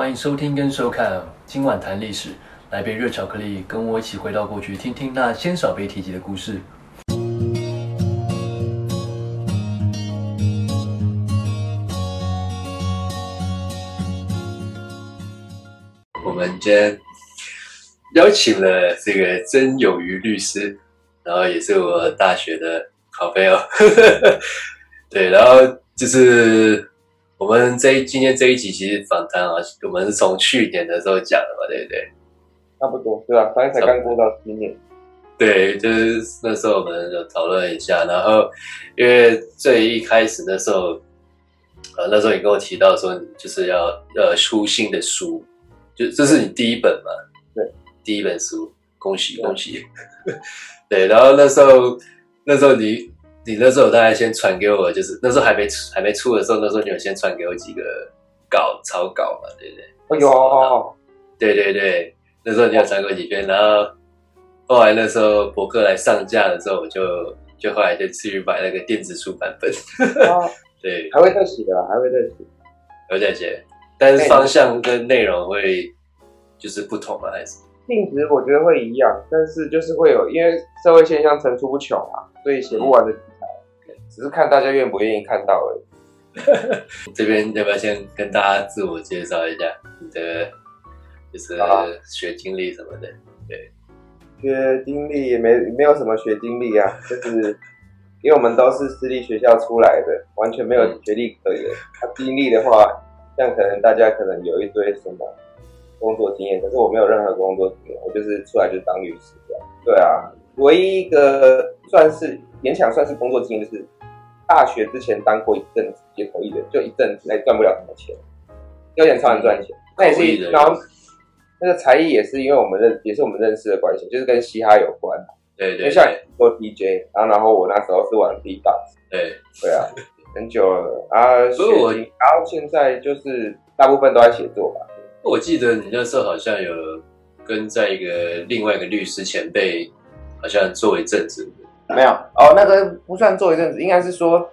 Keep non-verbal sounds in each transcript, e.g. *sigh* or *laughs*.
歡迎收聽跟收看今晚談歷史，來杯熱巧克力，跟我一起回到過去，聽聽那鮮少被提及的故事。我們今天邀請了這個曾友俞律師，然後也是我大學的好朋友。 *laughs* 對，然後就是。我們這一今天這一集其實訪談啊，我們是從去年的時候講的嘛，對不對？差不多，對啊，剛才剛過到今年。對，就是那時候我們有討論一下，然後因為最一開始那時候啊、呃，那時候你跟我提到說，就是要呃出新的書，就這是你第一本嘛，對，第一本書，恭喜恭喜。對， *laughs* 對，然後那時候那時候你。你那時候大概先傳給我，就是那時候還沒出還沒出的時候，那時候你有先傳給我幾個稿草稿嘛，對不對？哎呦、哦，哦哦、對對對，那時候你要傳給我幾篇，哦哦哦然後後來那時候博客來上架的時候，我就就後來就去買那個電子書版本，哦、 *laughs* 對還、啊，還會再寫吧，還會再寫，還會再寫，但是方向跟內容會就是不同嘛，還是？性質我覺得會一樣，但是就是會有，因為社會現象層出不窮啊，所以寫不完的。只是看大家願不願意看到而已。 *laughs* 這邊要不要先跟大家自我介紹一下你的就是學經歷什麼的？對，啊、學經歷也沒也沒有什麼學經歷啊，就是因為我們都是私立學校出來的，完全沒有學歷可以的。他、嗯、經歷的話，像可能大家可能有一堆什麼工作經驗，可是我沒有任何工作經驗，我就是出來就當律師這樣。對啊。唯一一個算是勉強算是工作經驗，就是大學之前當過一陣子街頭藝人，就一陣子，也賺不了什麼錢，有點超人賺錢。那、嗯、也是，然後那個才藝也是因為我們認，也是我們認識的關係，就是跟嘻哈有關。對，對對，因為像做 DJ 然後然後我那時候是玩 B box。Ots, 對對啊，很久了啊。所以我，然後現在就是大部分都在寫作吧。我記得你那時候好像有跟在一個另外一個律師前輩。好像做一陣子，沒有哦，那個不算做一陣子，應該是說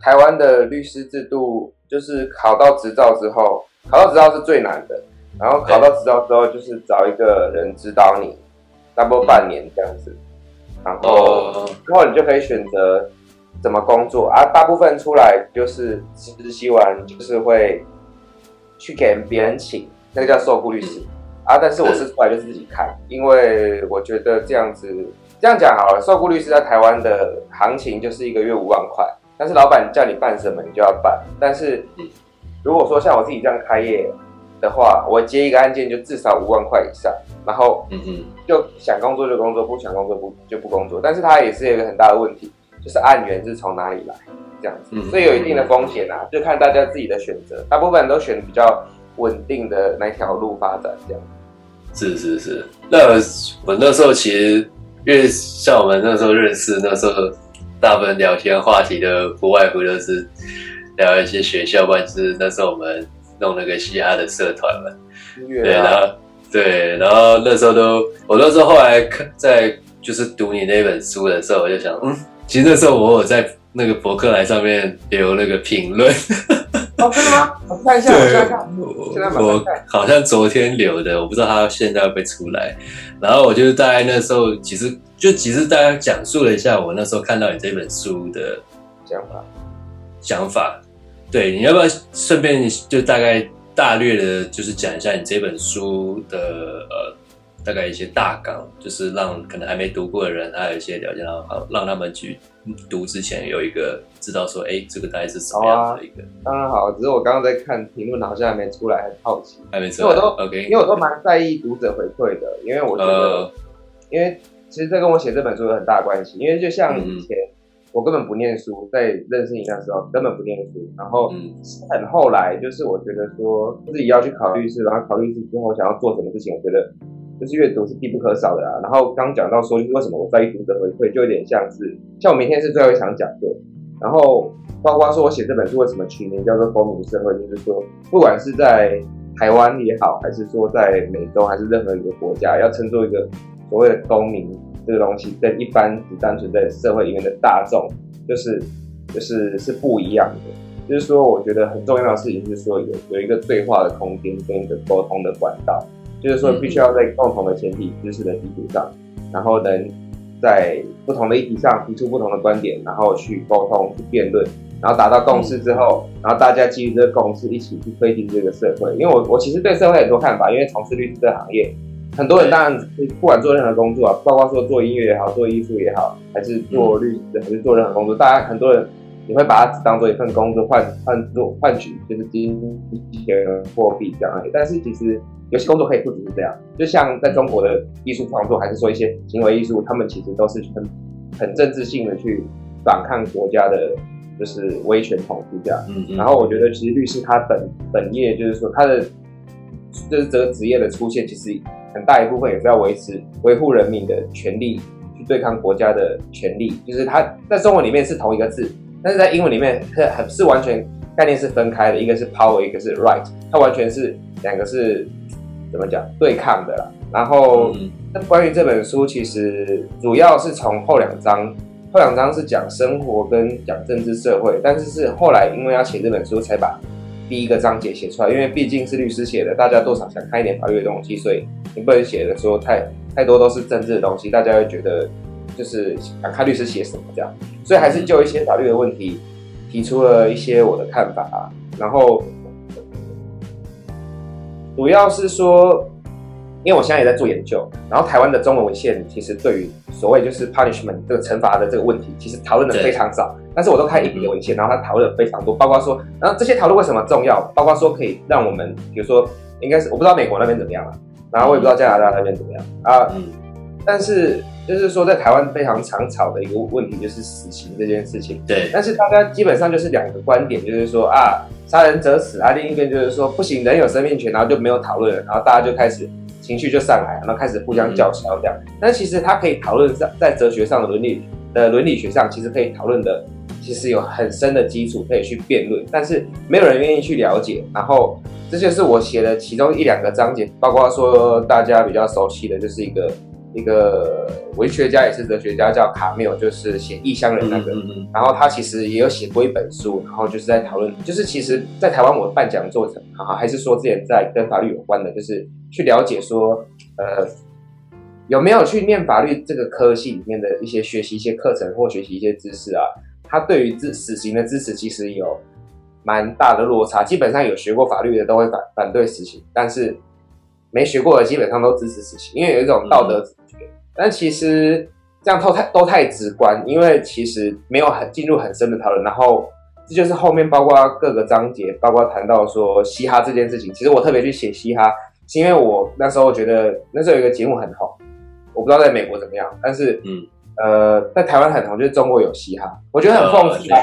台灣的律師制度就是考到執照之後，考到執照是最難的，然後考到執照之後就是找一個人指導你，差不多半年這樣子，然後之、哦哦哦哦、後你就可以選擇怎麼工作啊，大部分出來就是實習完就是會去給別人請，那個叫受僱律師、嗯、啊，但是我是出來就是自己開，是因為我覺得這樣子。這樣講好了，受僱律師在台灣的行情就是一個月五萬塊，但是老闆叫你辦什麼你就要辦。但是如果說像我自己這樣開業的話，我接一個案件就至少五萬塊以上，然後嗯，就想工作就工作，不想工作不就不工作。但是它也是有一個很大的問題，就是案源是從哪裡來這樣子，所以有一定的風險啊，就看大家自己的選擇。大部分都選比較穩定的那條路發展這樣子。是是是，那我那時候其實。因為像我們那時候認識，那時候大部分聊天話題的不外乎就是聊一些學校吧，就是那時候我們弄了個嘻哈的社團嘛，原來。對，然後對，然後那時候都，我那時候後來看在就是讀你那本書的時候，我就想，嗯，其實那時候我有在那個博客來上面留那個評論。呵呵哦、我看一下，對我現在看，現在馬上看。我好像昨天留的，我不知道他現在會不會出來。然後我就大概那時候，其實就其實大概講述了一下我那時候看到你這本書的想法。想法，對，你要不要順便就大概大略的，就是講一下你這本書的呃。大概一些大綱，就是讓可能還沒讀過的人，還有一些了解，然後好讓他們去讀之前有一個知道說，哎、欸，這個大概是什麼樣的一個、哦啊。當然好，只是我剛剛在看評論，好像還沒出來，很好奇。還沒出來，所以我都，OK。因為我都，OK，因為我都蠻在意讀者回饋的，嗯、因為我覺得，因為其實這跟我寫這本書有很大關係。因為就像以前、嗯、我根本不念書，在認識你那時候根本不念書，然後很後來，就是我覺得說自己要去考律師，然後考律師之後想要做什麼事情，我覺得。就是閱讀是必不可少的啦、啊。然後剛講到說，是為什麼我在意讀者回饋就有點像是，像我明天是最後一場講座，然後包括說我寫這本書為什麼取名叫做《公民社會》，就是說，不管是在台灣也好，還是說在美洲，還是任何一個國家，要稱作一個所謂的公民這個東西，跟一般只單純在社會裡面的大眾，就是就是是不一樣的。就是說，我覺得很重要的事情是說，有有一個對話的空間跟一個溝通的管道。就是說，必須要在共同的前提知識的基礎上，然後能在不同的議題上提出不同的觀點，然後去溝通、去辯論，然後達到共識之後，然後大家基於這個共識一起去推進這個社會。因為我我其實對社會很多看法，因為從事律師這個行業，很多人當然不管做任何工作啊，包括說做音樂也好、做藝術也好，還是做律師、嗯、還是做任何工作，大家很多人。你會把它當做一份工作換、換做、換取就是金錢貨幣這樣，但是其實有些工作可以不只是這樣，就像在中國的藝術創作，還是說一些行為藝術，他們其實都是很很政治性的去反抗國家的，就是威權統治這樣。嗯嗯，然後我覺得其實律師他本本業就是說他的，就是這個職業的出現，其實很大一部分也是要維持、維護人民的權利，去對抗國家的權利，就是他在中文裡面是同一個字。但是在英文裡面是很是完全概念是分開的，一個是 power，一個是 right，它完全是兩個是怎麼講對抗的啦。然後那、嗯嗯、關於這本書，其實主要是從後兩章，後兩章是講生活跟講政治社會，但是是後來因為要寫這本書才把第一個章節寫出來，因為畢竟是律師寫的，大家多少想看一點法律的東西，所以你不能寫的說太太多都是政治的東西，大家會覺得。就是看律師寫什麼這樣，所以還是就一些法律的問題提出了一些我的看法啊。然後主要是說，因為我現在也在做研究，然後台灣的中文文獻其實對於所謂就是 punishment 這個懲罰的這個問題，其實討論的非常少。但是我都看英文文獻，然後他討論的非常多，包括說，然後這些討論為什麼重要，包括說可以讓我們，比如說，應該是我不知道美國那邊怎麼樣啊，然後我也不知道加拿大那邊怎麼樣啊,啊。嗯。嗯但是，就是說，在台灣非常常吵的一個問題就是死刑這件事情。對。但是大家基本上就是兩個觀點，就是說啊，殺人者死啊，另一邊就是說，不行，人有生命權，然後就沒有討論了，然後大家就開始情緒就上來，然後開始互相叫囂這樣。嗯、但其實他可以討論上，在哲學上的倫理的倫理學上，其實可以討論的，其實有很深的基礎可以去辯論，但是沒有人願意去了解。然後，這就是我寫的其中一兩個章節，包括說大家比較熟悉的，就是一個。一個文學家也是哲學家，叫卡繆，就是寫《異鄉人》那個。嗯嗯嗯，然後他其實也有寫過一本書，然後就是在討論，就是其實，在台灣我辦講座，哈哈，還是說之前在跟法律有關的，就是去了解說，呃，有沒有去念法律這個科系裡面的一些學習一些課程或學習一些知識啊？他對於執死刑的知識其實有蠻大的落差。基本上有學過法律的都會反反對死刑，但是沒學過的基本上都支持死刑，因為有一種道德嗯嗯。但其實這樣都太都太直觀，因為其實沒有很進入很深的討論。然後這就是後面包括各個章節，包括談到說嘻哈這件事情。其實我特別去寫嘻哈，是因為我那時候覺得那時候有一個節目很紅，我不知道在美國怎麼樣，但是嗯呃，在台灣很紅，就是中國有嘻哈，我覺得很諷刺，嗯、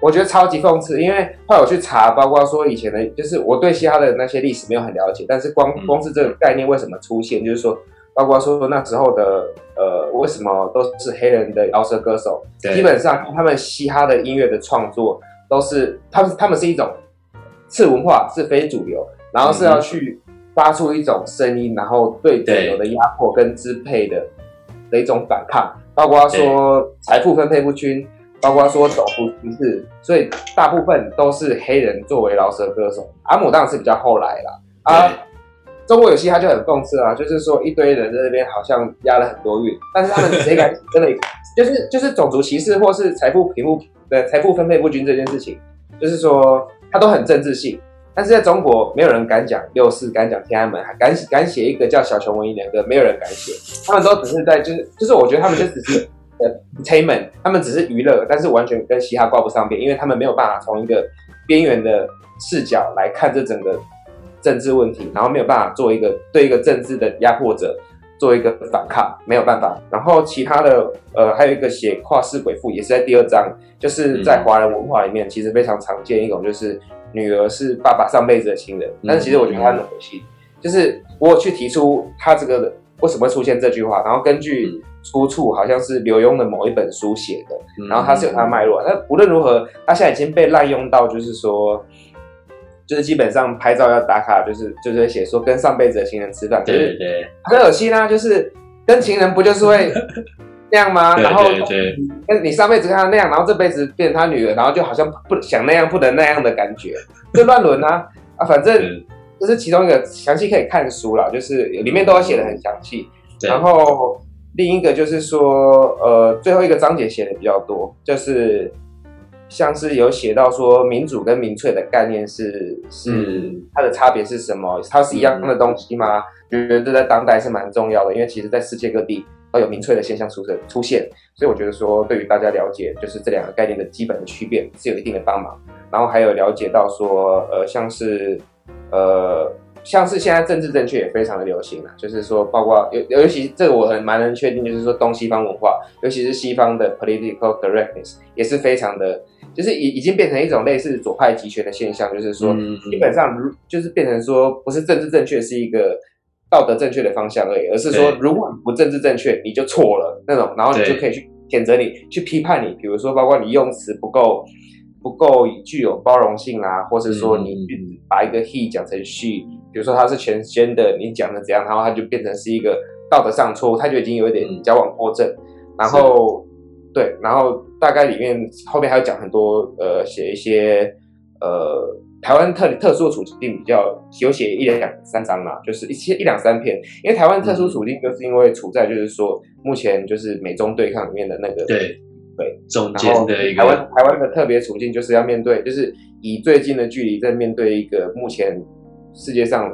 我覺得超級諷刺，因為後來我去查，包括說以前的，就是我對嘻哈的那些歷史沒有很了解，但是光光是這個概念為什麼出現，嗯、就是說。包括說說那時候的呃，為什麼都是黑人的饒舌歌手？對基本上他們嘻哈的音樂的創作都是，他們他們是一種次文化，是非主流，然後是要去發出一種聲音，嗯、然後對主流的壓迫跟支配的對的一種反抗。包括說財富分配不均，對包括說種族歧視，所以大部分都是黑人作為饒舌歌手。阿姆當然是比較後來了啊。中國有嘻哈就很諷刺啊，就是說一堆人在那邊好像押了很多韻，但是他們誰敢 *laughs* 真的就是就是種族歧視或是財富貧富對財富分配不均這件事情，就是說他都很政治性，但是在中國沒有人敢講六四，敢講天安門，敢敢寫一個叫小熊維尼的歌，沒有人敢寫，他們都只是在就是就是我覺得他們就只是呃 entertainment 他們只是娛樂，但是完全跟嘻哈掛不上邊，因為他們沒有辦法從一個邊緣的視角來看這整個。政治問題，然後沒有辦法做一個對一個政治的壓迫者做一個反抗，沒有辦法。然後其他的，呃，還有一個寫跨世鬼父，也是在第二章，就是在華人文化裡面其實非常常見一種，就是女兒是爸爸上輩子的情人。但其實我覺得他很噁心，嗯嗯、就是我有去提出他這個為什麼會出現這句話，然後根據出處好像是劉墉的某一本書寫的，然後他是有他的脈絡，那無論如何，他現在已經被濫用到，就是說。就是基本上拍照要打卡、就是，就是就是會寫說跟上輩子的情人吃飯，就是、對對對，很噁心啦。就是跟情人不就是會那樣嗎？然後，對對對你,你上輩子跟他那樣，然後這輩子變他女兒，然後就好像不想那樣，不能那樣的感覺，就亂倫啊啊！反正就是其中一個，詳細可以看書啦，就是裡面都要寫的很詳細。對對對然後另一個就是說，呃，最後一個章節寫的比較多，就是。像是有寫到說民主跟民粹的概念是是它的差別是什麼？它是一樣的東西嗎？我覺得這在當代是蠻重要的，因為其實，在世界各地都有民粹的現象出出現，所以我覺得說對於大家了解，就是這兩個概念的基本的區別是有一定的幫忙。然後還有了解到說，呃，像是呃，像是現在政治正確也非常的流行啊，就是說，包括尤尤其這個我很蠻能確定，就是說東西方文化，尤其是西方的 political correctness 也是非常的。就是已已經變成一種類似左派極權的現象，就是說，基本上如就是變成說，不是政治正確，是一個道德正確的方向而已，而是說，如果你不政治正確，你就錯了那種，然後你就可以去譴責你，去批判你，比如說，包括你用詞不夠不夠具有包容性啦、啊，或是說你把一個 he 講成 she，比如說他是全先的，你講的怎樣，然後他就變成是一個道德上錯誤，他就已經有一點矯枉過正，然後是對，然後。大概裡面後面還有講很多，呃，寫一些，呃，台灣特特殊的處境比較有寫一兩三章嘛、啊，就是一些一兩三篇，因為台灣特殊處境就是因為處在，就是說目前就是美中對抗裡面的那個對、對然後中間的一個台灣台灣的特別處境就是要面對，就是以最近的距離在面對一個目前世界上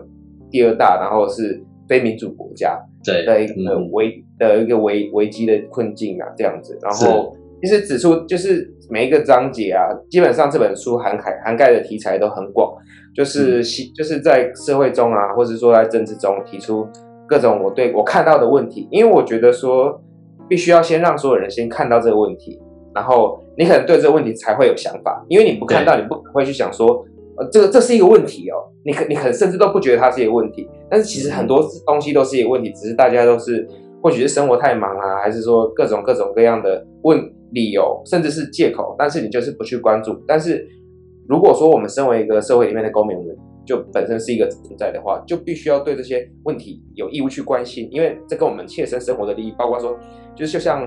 第二大然後是非民主國家對的一個危的一個危危機的困境啊這樣子，然後。其實指出就是每一個章節啊，基本上這本書涵蓋涵蓋的題材都很廣，就是就是在社會中啊，或者說在政治中提出各種我對我看到的問題，因為我覺得說必須要先讓所有人先看到這個問題，然後你可能對這個問題才會有想法，因為你不看到，對你不會去想說呃這個這是一個問題哦，你可你可能甚至都不覺得它是一個問題，但是其實很多東西都是一個問題，嗯、只是大家都是或許是生活太忙啊，還是說各種各種各樣的問。理由，甚至是借口，但是你就是不去關注。但是如果說我們身為一個社會裡面的公民，我們就本身是一個存在的話，就必須要對這些問題有義務去關心，因為這跟我們切身生活的利益，包括說，就是就像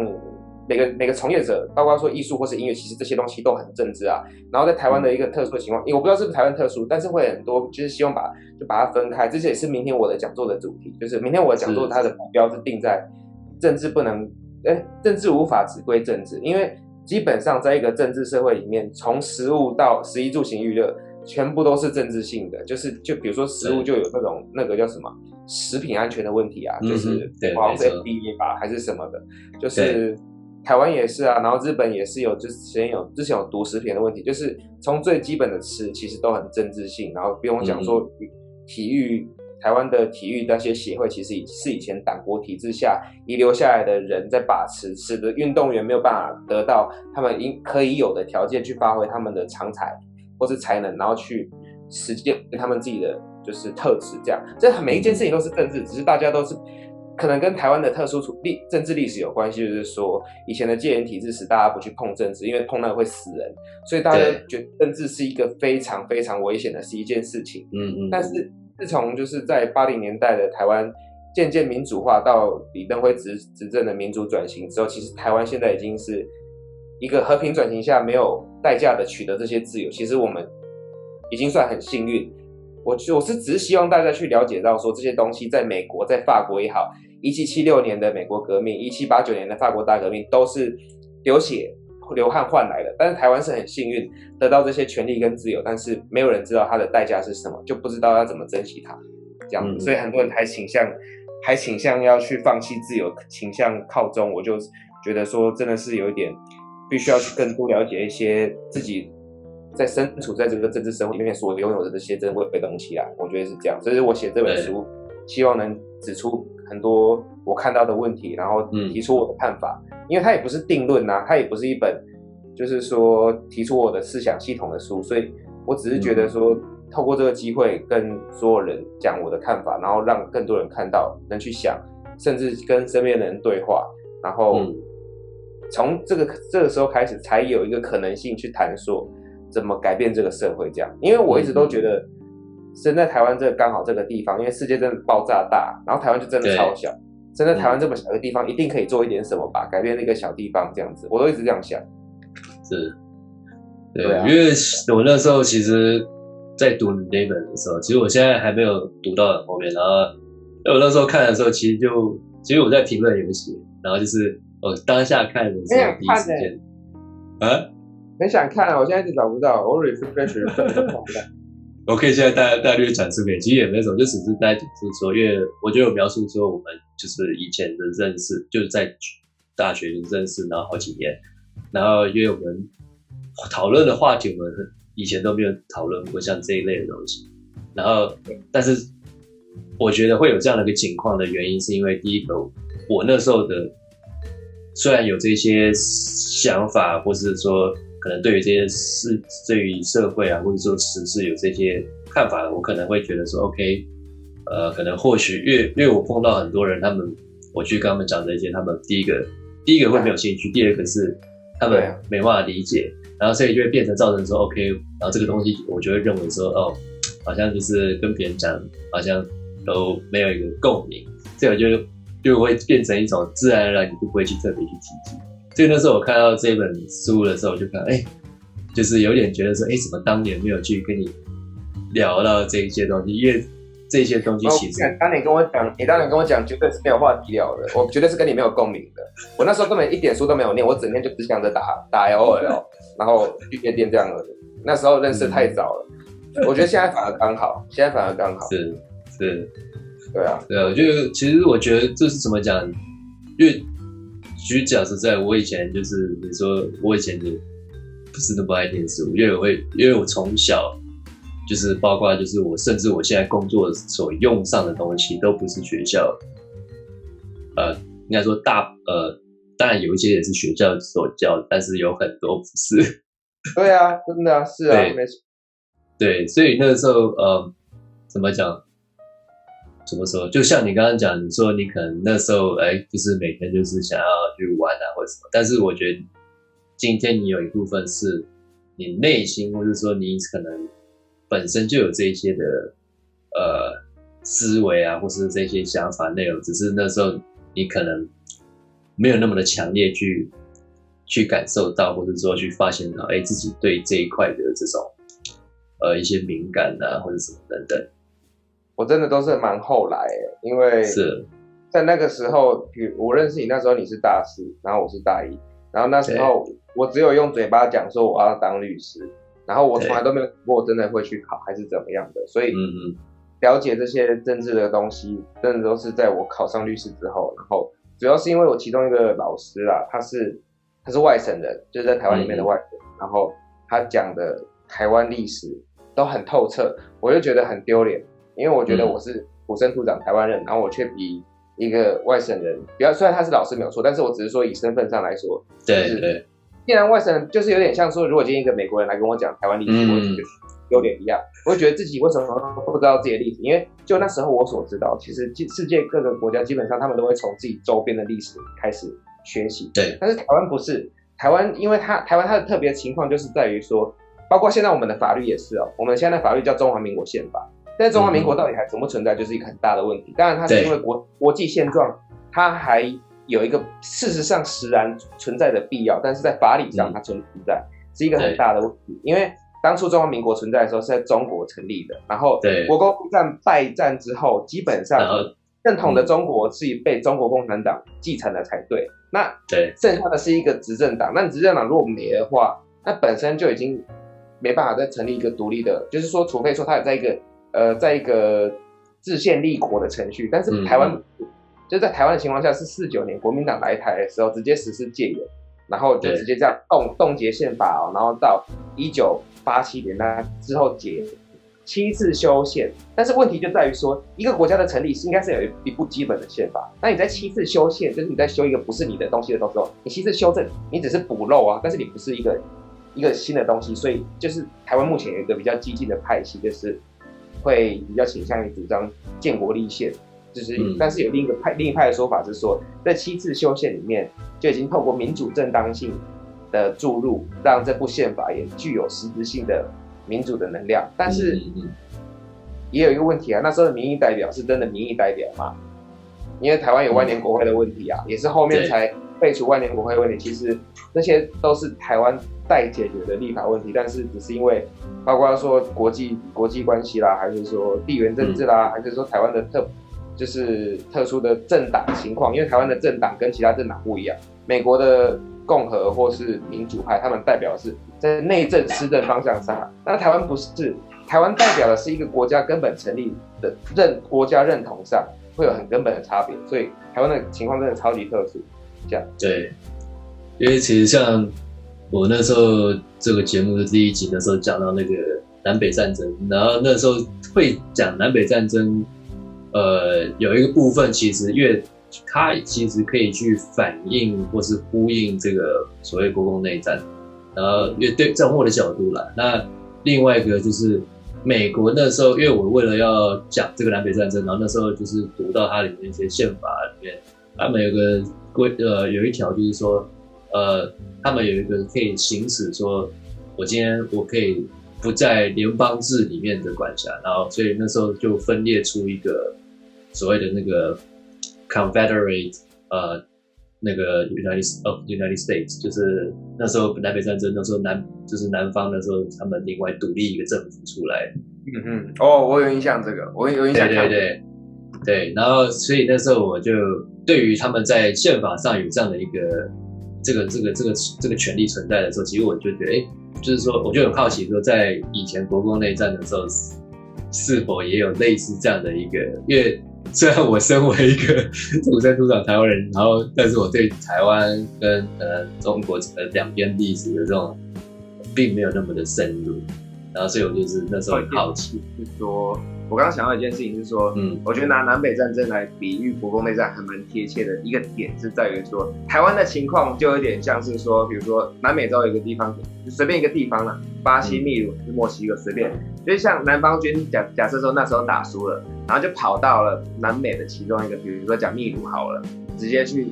每個每個從業者，包括說藝術或是音樂，其實這些東西都很政治啊。然後在台灣的一個特殊的情況，因為、嗯欸、我不知道是不是台灣特殊，但是會很多就是希望把就把它分開。這些也是明天我的講座的主題，就是明天我的講座它的目標是定在政治不能。哎、欸，政治無法只歸政治，因為基本上在一個政治社會裡面，從食物到衣、住、行、娛樂，全部都是政治性的。就是，就比如說食物就有那種那個叫什麼對食品安全的問題啊，嗯、就是，嗯、對，啊、錯還是什麼的，就是對台灣也是啊，然後日本也是有，就是、之前有之前有毒食品的問題，就是從最基本的吃，其實都很政治性。然後不用講說、嗯、體育。台灣的體育那些協會，其實是以前黨國體制下遺留下來的人在把持，使得運動員沒有辦法得到他們應可以有的條件去發揮他們的長才或是才能，然後去實踐他們自己的就是特質。這樣，這每一件事情都是政治，嗯、只是大家都是可能跟台灣的特殊處歷政治歷史有關係，就是說以前的戒嚴體制使大家不去碰政治，因為碰那個會死人，所以大家覺得政治是一個非常非常危險的是一件事情。嗯，嗯嗯，但是。自從就是在八零年代的台灣漸漸民主化，到李登輝執執政的民主轉型之後，其實台灣現在已經是一個和平轉型下沒有代價的取得這些自由。其實我們已經算很幸運。我我是只是希望大家去了解到說這些東西，在美國、在法國也好，一七七六年的美國革命，一七八九年的法國大革命，都是流血。流汗換來的，但是台灣是很幸運得到這些權利跟自由，但是沒有人知道它的代價是什麼，就不知道要怎麼珍惜它，這樣子、嗯、所以很多人還傾向還傾向要去放棄自由，傾向靠中，我就覺得說真的是有一點，必須要去更多了解一些自己在身處在這個政治生活裡面所擁有的這些珍貴的東西啊，我覺得是這樣，所以我寫這本書，嗯、希望能指出很多我看到的問題，然後提出我的看法。嗯因為它也不是定論吶、啊，它也不是一本，就是說提出我的思想系統的書，所以我只是覺得說，透過這個機會跟所有人講我的看法，然後讓更多人看到，能去想，甚至跟身邊的人對話，然後從這個這個時候開始，才有一個可能性去探索怎麼改變這個社會這樣。因為我一直都覺得身在台灣這剛好這個地方，因為世界真的爆炸大，然後台灣就真的超小。真的，台灣這麼小的地方，一定可以做一點什麼吧？嗯、改變那個小地方，這樣子，我都一直這樣想。是，對，對、啊、因為我那時候其實，在讀那本的時候，其實我現在還沒有讀到後面。然後，我那時候看的時候，其實就，其實我在評論遊戲。然後就是，我當下看的時候，第一時間，沒欸、啊，很想看、啊，我現在一直找不到，我也是被學 OK，現在大帶略展示給，其實也沒什麼，就只是大家只是說，因為我覺得我描述說我們就是以前的認識，就是在大學的認識，然後好幾年，然後因為我們討論的話題，我們以前都沒有討論過像這一類的東西。然後，但是我覺得會有這樣的一個情況的原因，是因為第一個，我那時候的雖然有這些想法，或是說。可能對於這些事，對於社會啊，或者說時事有這些看法的，我可能會覺得說，OK，呃，可能或許，因為因為我碰到很多人，他們我去跟他們講這些，他們第一個第一個會沒有興趣，第二個是他們沒辦法理解，啊、然後所以就會變成造成說，OK，然後這個東西我就會認為說，哦，好像就是跟別人講，好像都沒有一個共鳴，這個就就會變成一種自然而然，你就不會去特別去提及。所以那時候我看到這本書的時候，我就看，哎、欸，就是有點覺得說，哎、欸，怎麼當年沒有去跟你聊到這一些東西？因為這些東西其實當年跟我講，你當年跟我講，絕對是沒有話題聊的，我絕對是跟你沒有共鳴的。我那時候根本一點書都沒有念，我整天就只想着打打 L O L， *laughs* 然後去夜店這樣的。那時候認識太早了，嗯、我覺得現在反而剛好，現在反而剛好是是，是對啊，對啊，就其實我覺得這是怎麼講，因為。其實講實在，我以前就是，你說我以前就不是那麼愛念書，因為我會，因為我從小就是包括就是我，甚至我現在工作所用上的東西都不是學校。呃，應該說大，呃，當然有一些也是學校所教，但是有很多不是。對啊，真的啊，是啊， *laughs* 對沒錯錯。對，所以那個時候，呃，怎麼講？怎麼說？就像你剛剛講，你說你可能那時候哎，就是每天就是想要去玩啊，或者什麼。但是我覺得今天你有一部分是，你內心或者說你可能本身就有這些的呃思維啊，或者是這些想法內容，只是那時候你可能沒有那麼的強烈去去感受到，或者說去發現到，哎、呃，自己對這一塊的這種呃一些敏感啊，或者什麼等等。我真的都是蠻後來、欸、因為在那個時候，譬如，我認識你那時候你是大四，然後我是大一，然後那時候我只有用嘴巴講說我要當律師，然後我從來都沒有過真的會去考還是怎麼樣的，所以了解這些政治的東西，真的都是在我考上律師之後，然後主要是因為我其中一個老師啊，他是他是外省人，就是在台灣裡面的外省，嗯嗯，然後他講的台灣歷史都很透徹，我就覺得很丟臉。因為我覺得我是土生土長台灣人，嗯、然後我卻比一個外省人，比較雖然他是老師沒有錯，但是我只是說以身份上來說，對對對。對對既然外省人就是有點像說，如果今天一個美國人來跟我講台灣歷史，我覺得就會有點一樣，嗯、我會覺得自己為什麼不知道自己的歷史？嗯、因為就那時候我所知道，其實世界各個國家基本上他們都會從自己周邊的歷史開始學習，對。但是台灣不是，台灣因為它台灣它的特別情況就是在於說，包括現在我們的法律也是哦，我們現在的法律叫中華民國憲法。在中華民國到底還存不存在，就是一個很大的問題。當然，它是因為國對國際現狀，它還有一個事實上實然存在的必要，但是在法理上它不存在，嗯、是一個很大的問題。對因為當初中華民國存在的時候是在中國成立的，然後國共內戰敗戰之後，基本上正統的中國是被中國共產黨繼承了才對。那剩下的是一個執政黨，那執政黨如果沒的話，那本身就已經沒辦法再成立一個獨立的，就是說，除非說他有在一個。呃，在一個制憲立國的程序，但是台灣、嗯、哼就在台灣的情況下是四九年國民黨來台的時候直接實施戒嚴，然後就直接這樣凍凍對結憲法，然後到一九八七年呢之後解七次修憲，但是問題就在於說，一個國家的成立應該是有一一部基本的憲法，那你在七次修憲就是你在修一個不是你的東西的時候，你七次修正你只是補漏啊，但是你不是一個一個新的東西，所以就是台灣目前有一個比較激進的派系就是。會比較傾向於主張建國立憲，就是，嗯、但是有另一個派，嗯、另一派的說法是說，在七次修憲裡面，就已經透過民主正當性的注入，讓這部憲法也具有實質性的民主的能量。但是、嗯、也有一個問題啊，那時候的民意代表是真的民意代表嗎？因為台灣有萬年國會的問題啊，嗯、也是後面才。廢除萬年國會問題，其實那些都是台灣待解決的立法問題，但是只是因為，包括說國際國際關係啦，還是說地緣政治啦，還是說台灣的特，就是特殊的政黨情況，因為台灣的政黨跟其他政黨不一樣，美國的共和或是民主派，他們代表是在內政施政方向上，那台灣不是，台灣代表的是一個國家根本成立的認國家認同上會有很根本的差別，所以台灣的情況真的超級特殊。這對，因為其實像我那時候這個節目的第一集的時候講到那個南北戰爭，然後那時候會講南北戰爭，呃，有一個部分其實越它其實可以去反映或是呼應這個所謂國共內戰，然後越對從我的角度啦，那另外一個就是美國那時候，因為我為了要講這個南北戰爭，然後那時候就是讀到它裡面一些憲法裡面，它有個。呃有一條就是說，呃，他們有一個可以行使說，我今天我可以不在聯邦制裡面的管轄，然後所以那時候就分裂出一個所謂的那個 Confederate，呃，那個 United，of United States，就是那時候南北戰爭那時候南就是南方那時候他們另外獨立一個政府出來。嗯嗯，哦，oh，我有印象這個，我有印象這個。對對對。對，然後所以那時候我就對於他們在憲法上有這樣的一個這個這個這個這個權利存在的時候，其實我就覺得，哎，就是說，我就很好奇說，在以前國共內戰的時候是，是否也有類似這樣的一個？因為雖然我身為一個 *laughs* 土生土長台灣人，然後但是我對台灣跟呃中國呃兩邊歷史的這種並沒有那麼的深入，然後所以我就是那時候很好奇對就說。我剛剛想到一件事情就是說，嗯，我覺得拿南北戰爭來比喻國共內戰還蠻貼切的一個點是在於說，台灣的情況就有點像是說，比如說南美洲有一個地方，隨便一個地方啦，巴西、秘魯、嗯、墨西哥，隨便。嗯、就像南方軍假假設說那時候打輸了，然後就跑到了南美的其中一個，比如說講秘魯好了，直接去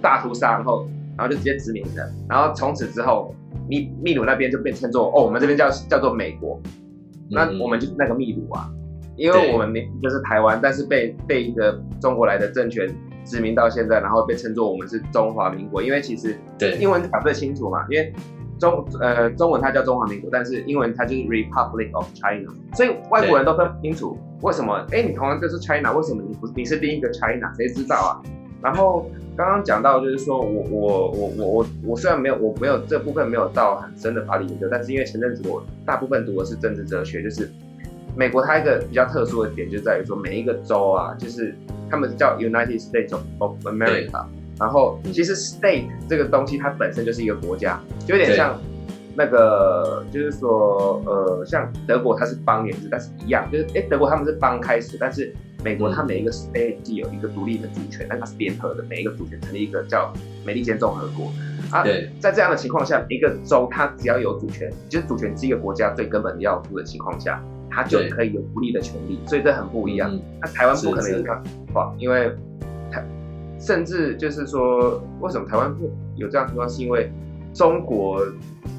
大屠殺後，然後然後就直接殖民了，然後從此之後秘秘魯那邊就被稱作哦，我們這邊叫叫做美國，那我們就那個秘魯啊。因為我們沒就是台灣，對但是被被一個中國來的政權殖民到現在，然後被稱作我們是中華民國。因為其實對英文講不太清楚嘛，因為中呃中文它叫中華民國，但是英文它就是 Republic of China，所以外國人都分不清楚對為什麼哎你台灣就是 China，為什麼你不你是第一個 China？誰知道啊？然後剛剛講到就是說我我我我我我雖然沒有我沒有這部分沒有到很深的法理研究，但是因為前陣子我大部分讀的是政治哲學，就是。美國它一個比較特殊的點就在於說，每一個州啊，就是他們叫 United States of America，對然後其實 state 這個東西它本身就是一個國家，就有點像那個，就是說對呃，像德國它是邦聯制，但是一樣，就是誒德國他們是邦開始，但是美國它每一個 state 有一個獨立的主權，嗯、但它是聯合的，每一個主權成立一個叫美利堅共和國。啊，對在這樣的情況下，一個州它只要有主權，就是主權是一個國家最根本要素的情況下他就可以有獨立的權利，對所以這很不一樣。那、嗯啊、台灣不可能有這樣情況，因為甚至就是說，為什麼台灣有這樣情況是因為中國，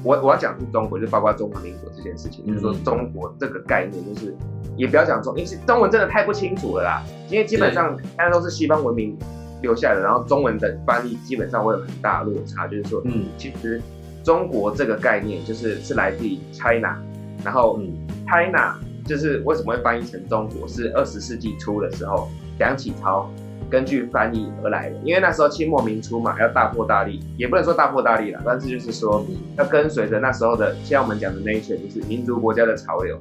我我要講中國，就包括中華民國這件事情。嗯、就是說，中國這個概念，就是、嗯、也不要講中，因為中文真的太不清楚了啦。嗯、因為基本上大家都是西方文明留下的，然後中文的翻譯基本上會有很大的落差。就是說，嗯，其實中國這個概念，就是是來自於 China。然後，嗯，China 就是為什麼會翻譯成中國，是二十世紀初的時候，梁啟超根據翻譯而來的。因為那時候清末民初嘛，要大破大立，也不能說大破大立了，但是就是說，嗯，要跟隨着那時候的，像我們講的 nation 就是民族國家的潮流。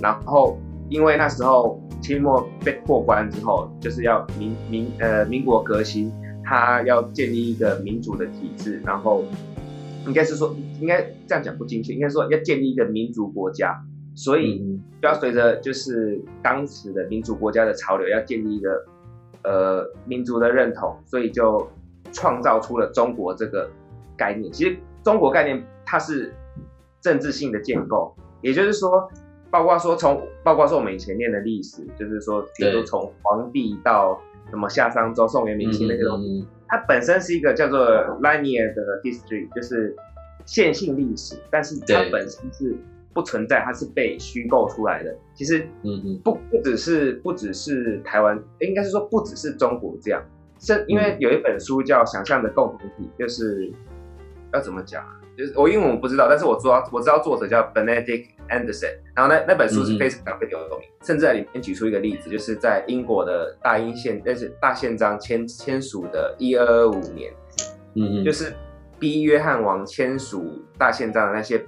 然後，因為那時候清末被破關之後，就是要民民呃民國革新，他要建立一個民主的體制，然後應該是說。應該這樣講不精確，應該說要建立一個民族國家，所以就要隨着就是當時的民族國家的潮流，要建立一個呃民族的認同，所以就創造出了中國這個概念。其實中國概念它是政治性的建構，也就是說，包括說從包括說我們以前念的歷史，就是說，比如說從黃帝到什麼夏商周、宋元明清的那些東西，對它本身是一個叫做 linear 的 history，就是。線性歷史，但是它本身是不存在，它是被虛構出來的。對其實，嗯嗯，不不只是不只是台灣，欸、應該是說不只是中國這樣。是因為有一本書叫《想象的共同體》，嗯就是啊，就是要怎麼講就是我英文我不知道，但是我知道我知道作者叫 Benedict Anderson，然後那那本書是非常非常有名，嗯嗯甚至在裡面舉出一個例子，就是在英國的大英憲，但、就是大憲章簽簽署的一二二五年，嗯嗯，就是。逼約翰王簽署大憲章的那些，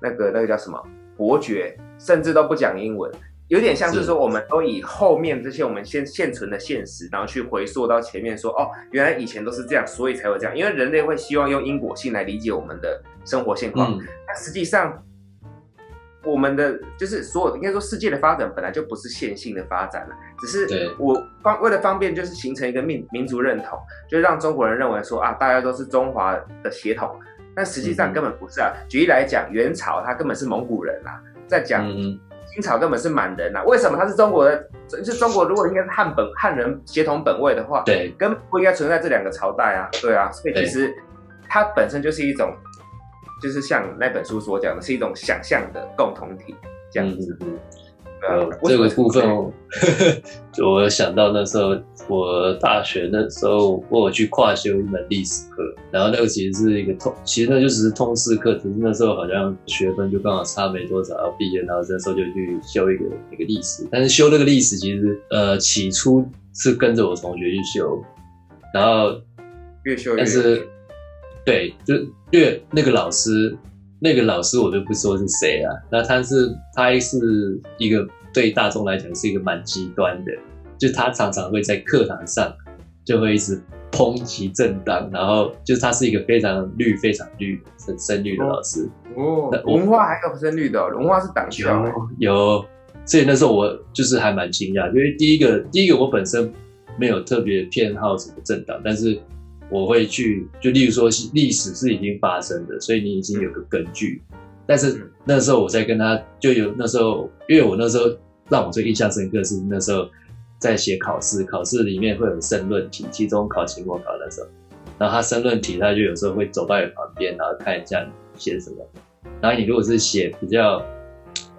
那個那個叫什麼伯爵，甚至都不講英文，有點像是說，我們都以後面這些我們現現存的現實，然後去回溯到前面說，哦，原來以前都是這樣，所以才會這樣，因為人類會希望用因果性來理解我們的生活現況。嗯、但實際上。我們的就是所有應該說，世界的發展本來就不是線性的發展了，只是我方對為了方便，就是形成一個民民族認同，就是讓中國人認為說，啊，大家都是中華的血統，但實際上根本不是啊。嗯嗯，舉例來講，元朝它根本是蒙古人啊，再講清朝根本是滿人啊。為什麼它是中國的？就是中國如果應該是漢本漢人血統本位的話，對，根本不應該存在這兩個朝代啊。對啊，所以其實它本身就是一種，就是像那本書所講的，是一種想象的共同體這樣子。呃，這個部分我， *laughs* 我想到那時候，我大學那時候，我我去跨修一門歷史課，然後那個其實是一個通，其實那就只是通識課，只是那時候好像學分就剛好差沒多少要畢業，然後那時候就去修一個一個歷史，但是修那個歷史其實呃起初是跟着我同學去修，然後越修越。但是對，就因為那個老師，那個老師我就不說是誰了、啊。那他是，他是一個對大眾來講是一個蠻極端的，就他常常會在課堂上就會一直抨擊政黨，然後就是他是一個非常綠、非常綠、很深綠的老師。哦，哦我文化還有深綠的、哦，文化是黨校。有，有。所以那時候我就是還蠻驚訝，因為第一個，第一個我本身沒有特別偏好什麼政黨，但是。我會去，就例如說，歷史是已經發生的，所以你已經有個根據。但是那時候我在跟他，就有那時候，因為我那時候讓我最印象深刻是那時候在寫考試，考試裡面會有申論題，期中考期末考的時候，然後他申論題，他就有時候會走到你旁邊，然後看一下你寫什麼。然後你如果是寫比較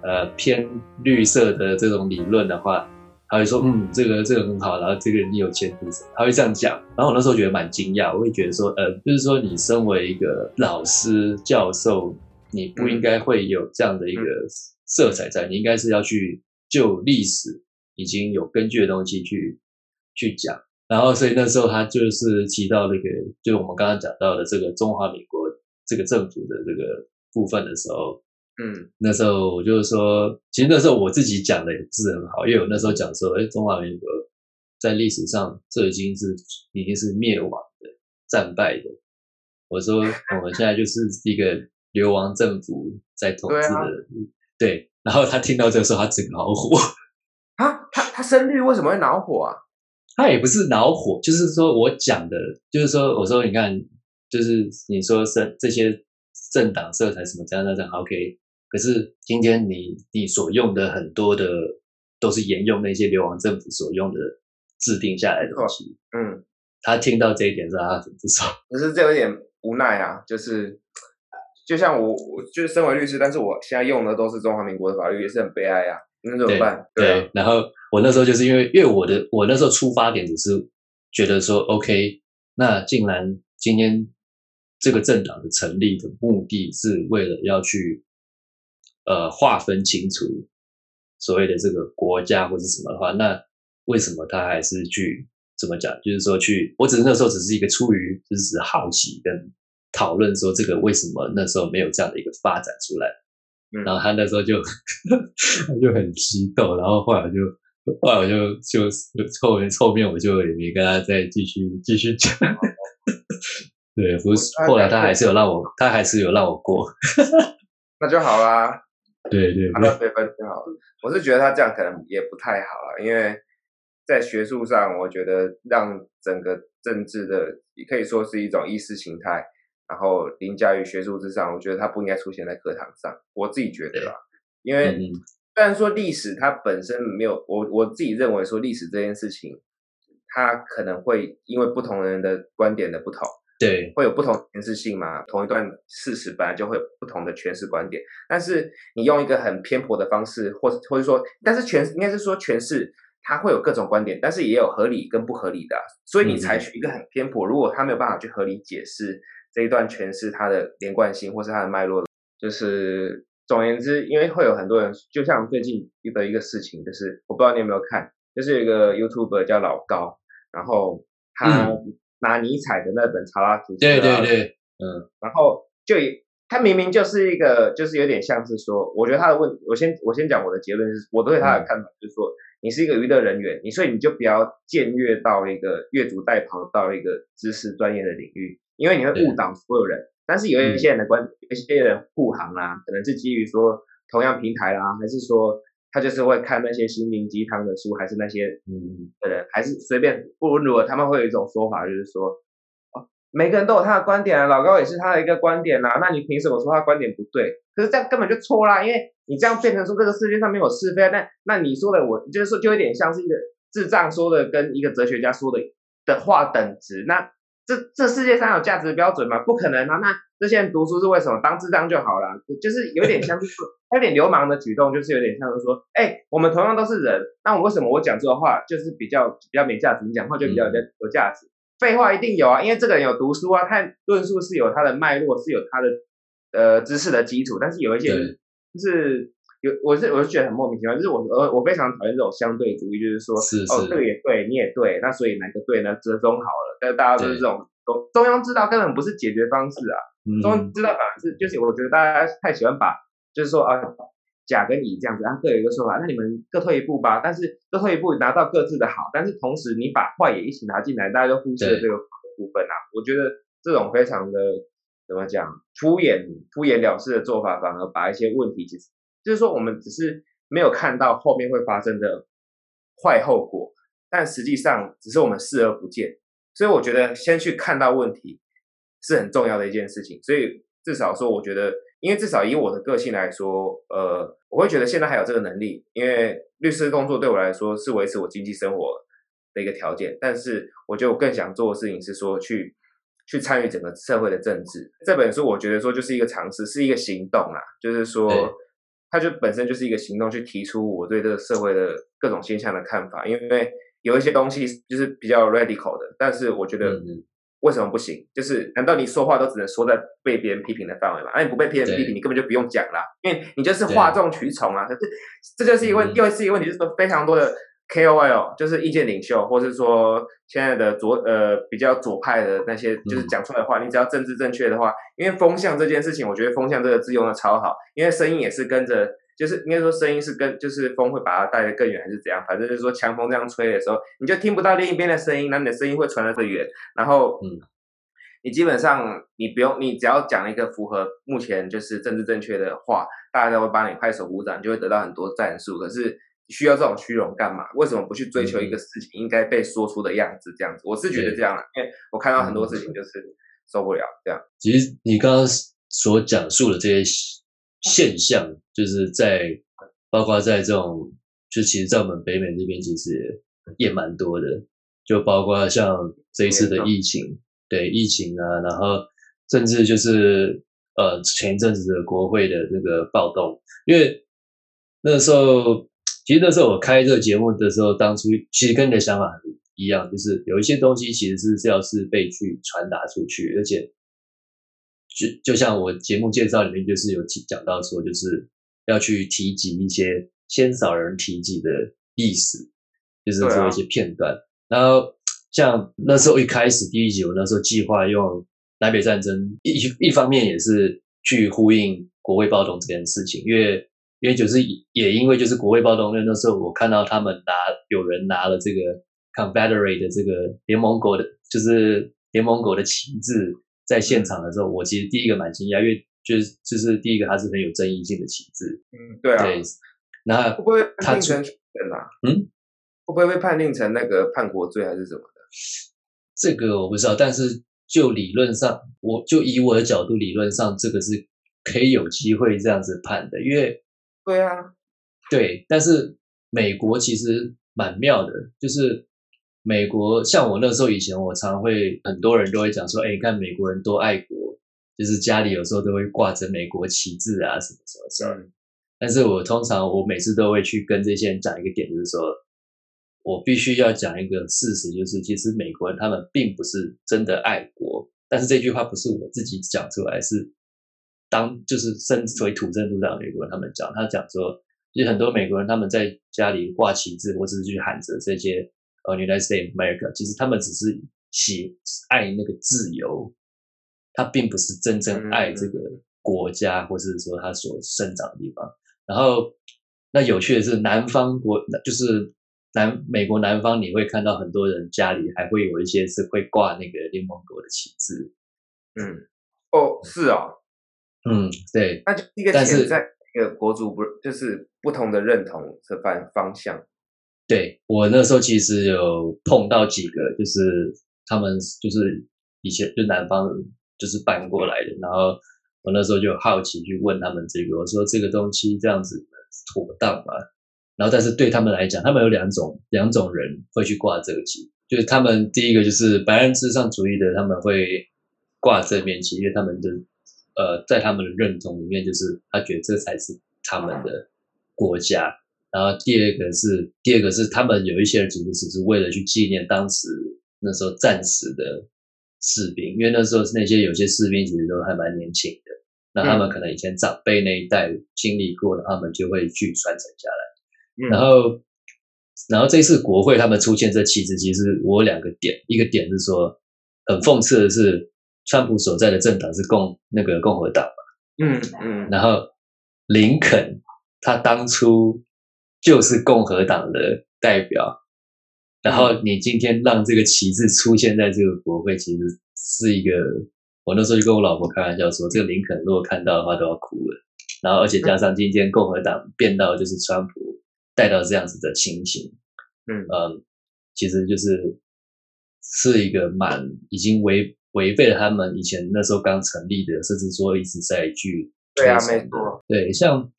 呃偏綠色的這種理論的話。他會說，嗯，這個這個很好，然後這個人你有前途，他會這樣講。然後我那時候覺得蠻驚訝，我會覺得說，呃，就是說你身為一個老師教授，你不應該會有這樣的一個色彩在，嗯、你應該是要去就歷史已經有根據的東西去去講。然後所以那時候他就是提到那、這個，就我們剛剛講到的這個中華民國這個政府的這個部分的時候。嗯，那時候我就是說，其實那時候我自己講的也是很好，因為我那時候講說，哎，中華民國在歷史上這已經是已經是滅亡的、戰敗的。我說我們現在就是一個流亡政府在統治的， *laughs* 對，啊、對。然後他聽到這個說他只，他很惱火啊！他他生日為什麼會惱火啊？他也不是惱火，就是說我講的，就是說，我說你看，就是你說這這些政黨色彩什麼這樣那樣，OK。可是今天你你所用的很多的都是沿用那些流亡政府所用的，制定下來的東西，嗯，他聽到這一點他怎麼說，說他至少，可是這有點無奈啊，就是就像我，我就是身為律師，但是我現在用的都是中華民國的法律，也是很悲哀啊，那、嗯、對怎麼辦？對，啊、對，然後我那時候就是因為，因為我的我那時候出發點只是覺得說，OK，那竟然今天這個政黨的成立的目的是為了要去。呃，劃分清楚所謂的這個國家或者什麼的話，那為什麼他還是去怎麼講？就是說去，我只是那時候只是一個出於就是好奇跟討論，說這個為什麼那時候沒有這樣的一個發展出來？嗯、然後他那時候就 *laughs* 他就很激動，然後後來就後來我就就，就後面後面我就也沒跟他再繼續繼續講。嗯、 *laughs* 對，不是後來他還是有讓我，他還是有讓我過， *laughs* 那就好啦。對對 h、啊、那的，挺好的。我是覺得他這樣可能也不太好了，啊，因為在學術上，我覺得讓整個政治的，也可以說是一種意識形態，然後凌駕於學術之上，我覺得他不應該出現在課堂上。我自己覺得啦，對因為雖然嗯嗯說歷史它本身沒有，我我自己認為說歷史這件事情，它可能會因為不同人的觀點的不同。對，會有不同詮釋性嘛，同一段事實本來就會有不同的詮釋觀點，但是你用一個很偏頗的方式，或是或者說，但是詮應該是說詮釋，它會有各種觀點，但是也有合理跟不合理的。所以你採取一個很偏頗，如果他沒有辦法去合理解釋這一段詮釋它的連貫性，或是它的脈絡，就是總言之，因為會有很多人，就像最近遇到一個事情，就是我不知道你有沒有看，就是有一個 YouTuber 叫老高，然後他，嗯拿尼采的那本《查拉圖》。對對對，嗯，然後就他明明就是一個，就是有點像是說，我覺得他的問，我先我先講我的結論是，我對他的看法就是說，嗯、你是一個娛樂人員，你所以你就不要僭越到一個越俎代庖到一個知識專業的領域，因為你會誤導所有人。對但是有一些人的觀，嗯、有一些人護航啦、啊，可能是基於說同樣平台啦、啊，還是說。他就是會看那些心靈雞湯的書，還是那些嗯，呃，還是隨便不。不如如果他們會有一種說法，就是說，哦，每個人都有他的觀點啊，老高也是他的一個觀點啊。那你憑什麼說他的觀點不對？可是這樣根本就錯啦，因為你這樣變成說這個世界上沒有是非，那那你說的我，就是說就有點像是一個智障說的跟一個哲學家說的的話等值。那這這世界上有價值的標準嗎？不可能啊。那這些人讀書是為什麼？當智障就好了，就是有點像是。 *laughs* 有點流氓的舉動，就是有點像說：“哎、欸，我們同樣都是人，那為什麼我講這個話就是比較比較沒價值？你講話就比較有價值。嗯”廢話一定有啊，因為這個人有讀書啊，他論述是有他的脈絡，是有他的呃知識的基礎。但是有一些人就是對有，我是我是覺得很莫名其妙。就是我我我非常討厭這種相對主義，就是說是是哦，這個也對，你也對，那所以哪個對呢？折中好了，但大家都是這種對中庸之道根本不是解決方式啊。嗯、中庸之道反而是就是我覺得大家太喜歡把。就是說，啊，甲跟乙這樣子，啊，各有一個說法，那你們各退一步吧。但是各退一步，拿到各自的好，但是同時你把壞也一起拿進來，大家就忽視了這個部分啊。對我覺得這種非常的怎麼講，敷衍敷衍了事的做法，反而把一些問題，就是說我們只是沒有看到後面會發生的壞後果，但實際上只是我們視而不見。所以我覺得先去看到問題是很重要的一件事情。所以至少說，我覺得。因為至少以我的個性來說，呃，我會覺得現在還有這個能力。因為律師工作對我來說是維持我經濟生活的一個條件，但是我覺得我更想做的事情是說去去參與整個社會的政治。這本書我覺得說就是一個嘗試，是一個行動啊，就是說、嗯、它，就本身就是一個行動，去提出我對這個社會的各種現象的看法。因為有一些東西就是比較 radical 的，但是我覺得、嗯。為什麼不行？就是難道你說話都只能說在被別人批評的範圍嗎？而、啊、你不被別人批評，你根本就不用講啦，對因為你就是嘩眾取寵啊！對可是，這就是一個、嗯、又是一個問題，就是非常多的 KOL，就是意見領袖，或是說現在的左呃比較左派的那些，就是講出來的話，嗯、你只要政治正確的話，因為風向這件事情，我覺得風向這個字用的超好，因為聲音也是跟着。就是應該說，聲音是跟就是風會把它帶得更遠，還是怎樣？反正就是說，強風這樣吹的時候，你就聽不到另一邊的聲音，那你的聲音會傳得更遠。然後你的聲音會傳遠，嗯，你基本上你不用，你只要講一個符合目前就是政治正確的話，大家都會幫你拍手鼓掌，就會得到很多讚數。可是你需要這種虛榮幹嘛？為什麼不去追求一個事情應該被說出的樣子？這樣子，我是覺得這樣、啊、對因為我看到很多事情就是受不了這樣。其實你剛剛所講述的這些。現象就是在，包括在這種，就其實在我們北美這邊，其實也蠻多的。就包括像這一次的疫情，對疫情啊，然後甚至就是呃前一陣子的國會的這個暴動，因為那時候其實那時候我開這個節目的時候，當初其實跟你的想法很一樣，就是有一些東西其實是要是被去傳達出去，而且。就就像我節目介紹裡面就是有提講到說，就是要去提及一些鮮少人提及的意思，就是做一些片段。啊、然後像那時候一開始第一集，我那時候計劃用南北戰爭一一方面也是去呼應國會暴動這件事情，因為因為就是也因為就是國會暴動，因為那時候我看到他們拿有人拿了這個 Confederate 的這個聯盟國的，就是聯盟國的旗幟。在現場的時候，嗯、我其實第一個蠻驚訝，因為就是就是第一個，它是很有爭議性的旗幟。嗯，對啊。那他不會判成成、啊、嗯，會不會被判定成那個叛國罪還是什麼的？這個我不知道，但是就理論上，我就以我的角度理論上，理論上這個是可以有機會這樣子判的，因為對啊，對。但是美國其實蠻妙的，就是。美國像我那時候以前，我常會很多人都會講說：“哎，你看美國人多愛國，就是家裡有時候都會掛着美國旗幟啊，什麼什麼之類。”但是，我通常我每次都會去跟這些人講一個點，就是說我必須要講一個事實，就是其實美國人他們並不是真的愛國。但是這句話不是我自己講出來，是當就是身為土生土長的美國人，他們講他講說，其實很多美國人他們在家裡掛旗幟，或者是去喊着這些。哦 United States America，其實他們只是喜愛那個自由，他並不是真正愛這個國家，嗯嗯、或是說他所生長的地方。然後，那有趣的是，南方國就是南美國南方，你會看到很多人家裡還會有一些是會掛那個聯盟國的旗幟。嗯，哦，是啊、哦，嗯，對，那就一個潛在但是一個國族不就是不同的認同和反方向。對，我那時候其實有碰到幾個，就是他們就是以前就南方就是搬過來的，然後我那時候就好奇去問他們這個，我說這個東西這樣子妥當嗎？然後但是對他們來講，他們有兩種兩種人會去掛這個旗，就是他們第一個就是白人至上主義的，他們會掛這面旗，因為他們的，呃，在他們的認同裡面，就是他覺得這才是他們的國家。然後第二個是，第二個是，他們有一些人組織，只是為了去紀念當時那時候戰死的士兵，因為那時候是那些有些士兵其實都還蠻年輕的，那他們可能以前長輩那一代經歷過的，嗯、然後他們就會去傳承下來。然後，嗯、然後這次國會他們出現這旗幟，其實我有兩個點，一個點是說很諷刺的是，川普所在的政黨是共那個共和黨嘛，嗯嗯，然後林肯他當初。就是共和黨的代表，嗯、然後你今天讓這個旗幟出現在這個國會，其實是一個，我那時候就跟我老婆開玩笑說，這個林肯如果看到的話都要哭了。然後，而且加上今天共和黨變到就是川普帶到這樣子的情形，嗯，嗯其實就是是一個蠻已經違違背了他們以前那時候剛成立的，甚至說一直在去對啊，沒錯，對像。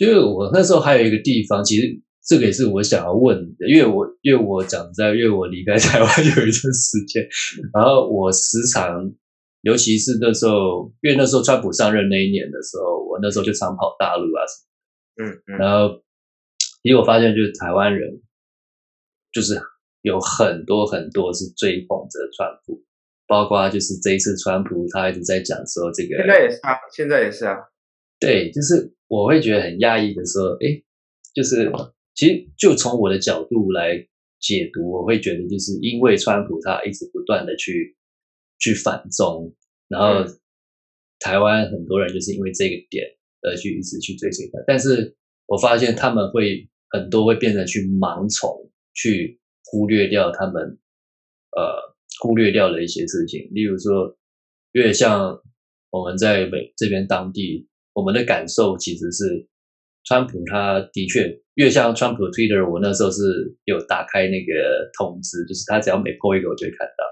因為我那時候還有一個地方，其實這個也是我想要問你的，因為我因為我講在，因為我離開台灣有一段時間，然後我時常，尤其是那時候，因為那時候川普上任那一年的時候，我那時候就常跑大陸啊什麼的嗯，嗯嗯，然後，因為我發現就是台灣人，就是有很多很多是追捧着川普，包括就是這一次川普他一直在講說這個，現在也是啊，現在也是啊。對，就是我會覺得很訝異的說，誒，就是其實就從我的角度來解讀，我會覺得就是因為川普他一直不斷的去去反中，然後對台灣很多人就是因為這個點而去一直去追隨他，但是我發現他們會很多會變成去盲從，去忽略掉他們呃忽略掉的一些事情，例如說，因為像我們在美這邊當地。我們的感受其實是，川普他的確越像川普的 Twitter，我那時候是有打開那個通知，就是他只要每 po 一個，我就會看到。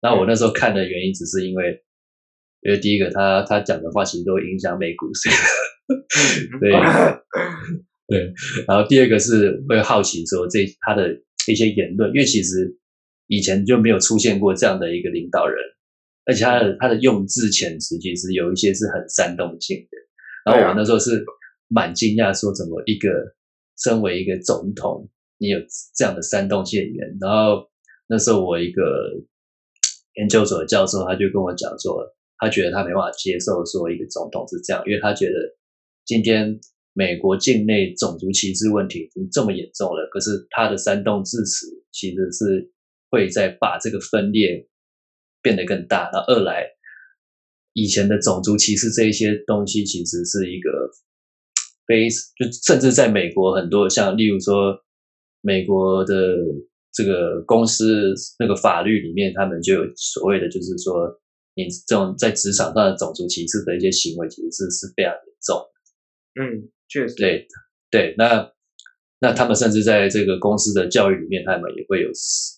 那我那時候看的原因只是因為，因為第一個他他講的話其實都會影響美股，所以對對。然後第二個是會好奇說這他的一些言論，因為其實以前就沒有出現過這樣的一個領導人，而且他的他的用字遣詞其實有一些是很煽動性的。然後我那時候是蠻驚訝，說怎麼一個身為一個總統，你有這樣的煽動性語言。然後那時候我一個研究所的教授，他就跟我講說，他覺得他沒辦法接受說一個總統是這樣，因為他覺得今天美國境內種族歧視問題已經這麼嚴重了，可是他的煽動支持其實是會再把這個分裂變得更大。然後二來。以前的種族歧視這一些東西，其實是一個非就，甚至在美國很多像，例如說美國的這個公司那個法律裡面，他們就有所謂的就是說，你這種在職場上的種族歧視的一些行為，其實是是非常嚴重的。嗯，確實，對的，對，那。那他們甚至在這個公司的教育裡面，他們也會有，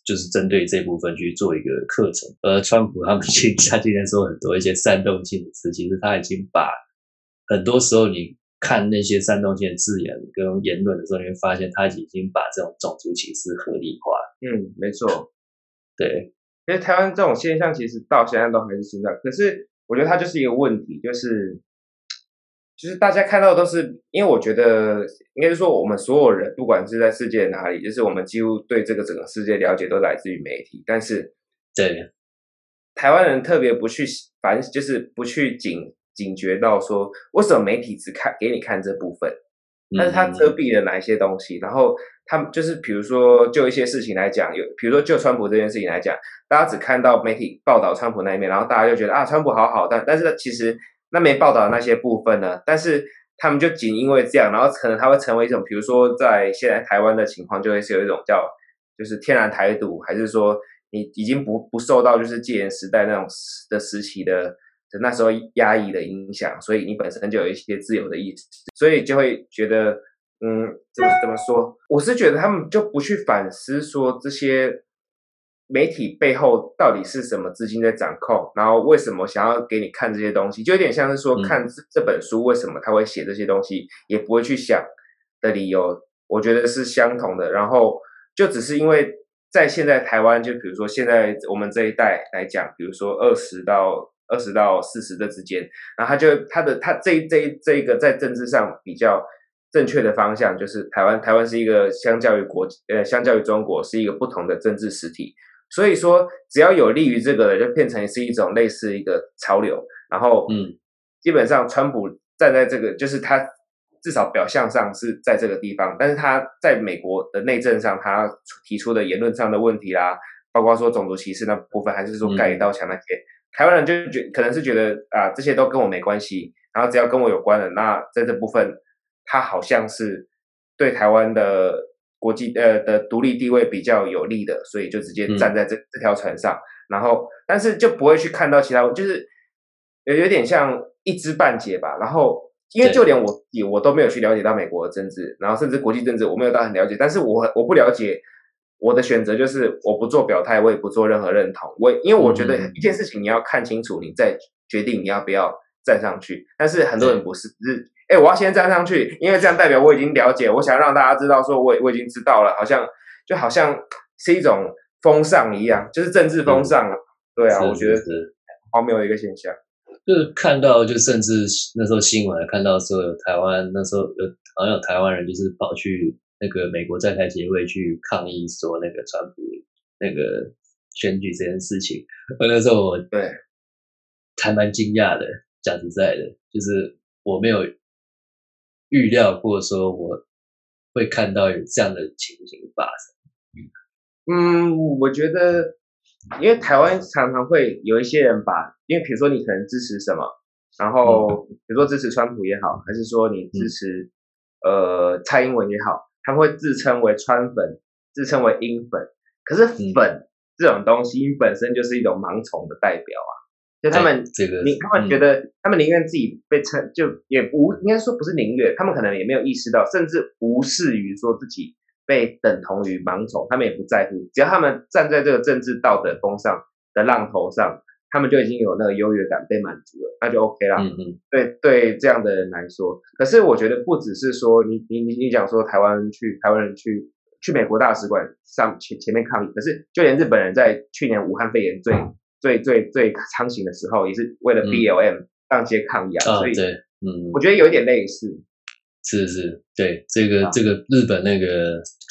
就是針對這部分去做一個課程。而、呃、川普他們，他今天說很多一些煽動性的事情，其實他已經把很多時候你看那些煽動性的字眼跟言論的時候，你會發現他已經把這種種族歧視合理化。嗯，沒錯，對。因為台灣這種現象，其實到現在都還是存在，可是我覺得它就是一個問題，就是。就是大家看到的都是，因為我覺得，應該說我們所有人，不管是在世界哪裡，就是我們幾乎對這個整個世界了解都來自於媒體。但是，台灣人特別不去反，就是不去警警覺到說，為什麼媒體只看給你看這部分，但是他遮蔽了哪一些東西？然後，他們就是比如說，就一些事情來講，有比如說就川普這件事情來講，大家只看到媒體報道川普那一面，然後大家就覺得啊，川普好好，但但是呢，其實。那沒報道那些部分呢？但是他們就僅因為這樣，然後可能他會成為一種，比如說在現在台灣的情況，就會是有一種叫、就是天然台獨，還是說你已經不不受到就是戒嚴時代那種的時期的那時候壓抑的影響，所以你本身就有一些自由的意識，所以就會覺得，嗯，怎麼怎麼說？我是覺得他們就不去反思說這些。媒體背後到底是什麼資金在掌控？然後為什麼想要給你看這些東西？就有點像是說看這本書，為什麼他會寫這些東西，也不會去想的理由，我覺得是相同的。然後就只是因為在現在台灣，就比如說現在我們這一代來講，比如說二十到二十到四十個之間，然後他就他的他這這一這一個在政治上比較正確的方向，就是台灣台灣是一個相較於國呃相較於中國是一個不同的政治實體。所以說，只要有利於這個的，就變成是一種類似一個潮流。然後，嗯，基本上，川普站在這個，就是他至少表象上是在這個地方，但是他在美國的內政上，他提出的言論上的問題啦、啊，包括說種族歧視那部分，還是說蓋一道牆那些，嗯、台灣人就覺得可能是覺得啊，這些都跟我沒關係。然後，只要跟我有關的，那在這部分，他好像是對台灣的。國際呃的獨立地位比較有利的，所以就直接站在這、嗯、這條船上，然後但是就不會去看到其他，就是有，有點像一知半解吧。然後因為就連我對也我都沒有去了解到美國的政治，然後甚至國際政治我沒有到很了解。但是我我不了解，我的選擇就是我不做表態，我也不做任何認同。我因為我覺得一件事情你要看清楚，你再決定你要不要站上去。但是很多人不是。嗯，是哎、欸，我要先站上去，因為這樣代表我已經了解。我想讓大家知道說，說，我我已經知道了，好像就好像是一種風尚一樣，就是政治風尚了。嗯、對啊，是是是我覺得荒謬一個現象。就是看到，就甚至那時候新聞看到說有台，台灣那時候有好像有台灣人，就是跑去那個美國在台協會去抗議，說那個川普那個選舉這件事情。我那時候我對還蠻驚訝的，講實在的，就是我沒有。預料過說我會看到有這樣的情形發生。嗯，我覺得，因為台灣常常會有一些人把，因為比如說你可能支持什麼，然後比如說支持川普也好，嗯、還是說你支持、嗯、呃蔡英文也好，他們會自稱為川粉，自稱為英粉。可是粉、嗯、這種東西本身就是一種盲從的代表啊。就他們，你，他們覺得，他們寧願自己被稱，就也無應該說不是寧願，他們可能也沒有意識到，甚至無視於說自己被等同於盲從，他們也不在乎，只要他們站在這個政治道德風尚的浪頭上，他們就已經有那個優越感被滿足了，那就 OK 啦。嗯嗯，對對、對，這樣的人來說，可是我覺得不只是說，你你你你講說台灣去台灣人去去美國大使館上前前面抗議，可是就連日本人在去年武漢肺炎最。嗯最最最猖獗的時候，也是為了 BLM 上街抗議啊！哦、所以，對嗯，我覺得有一點類似，是是，對，這個、啊、這個日本那個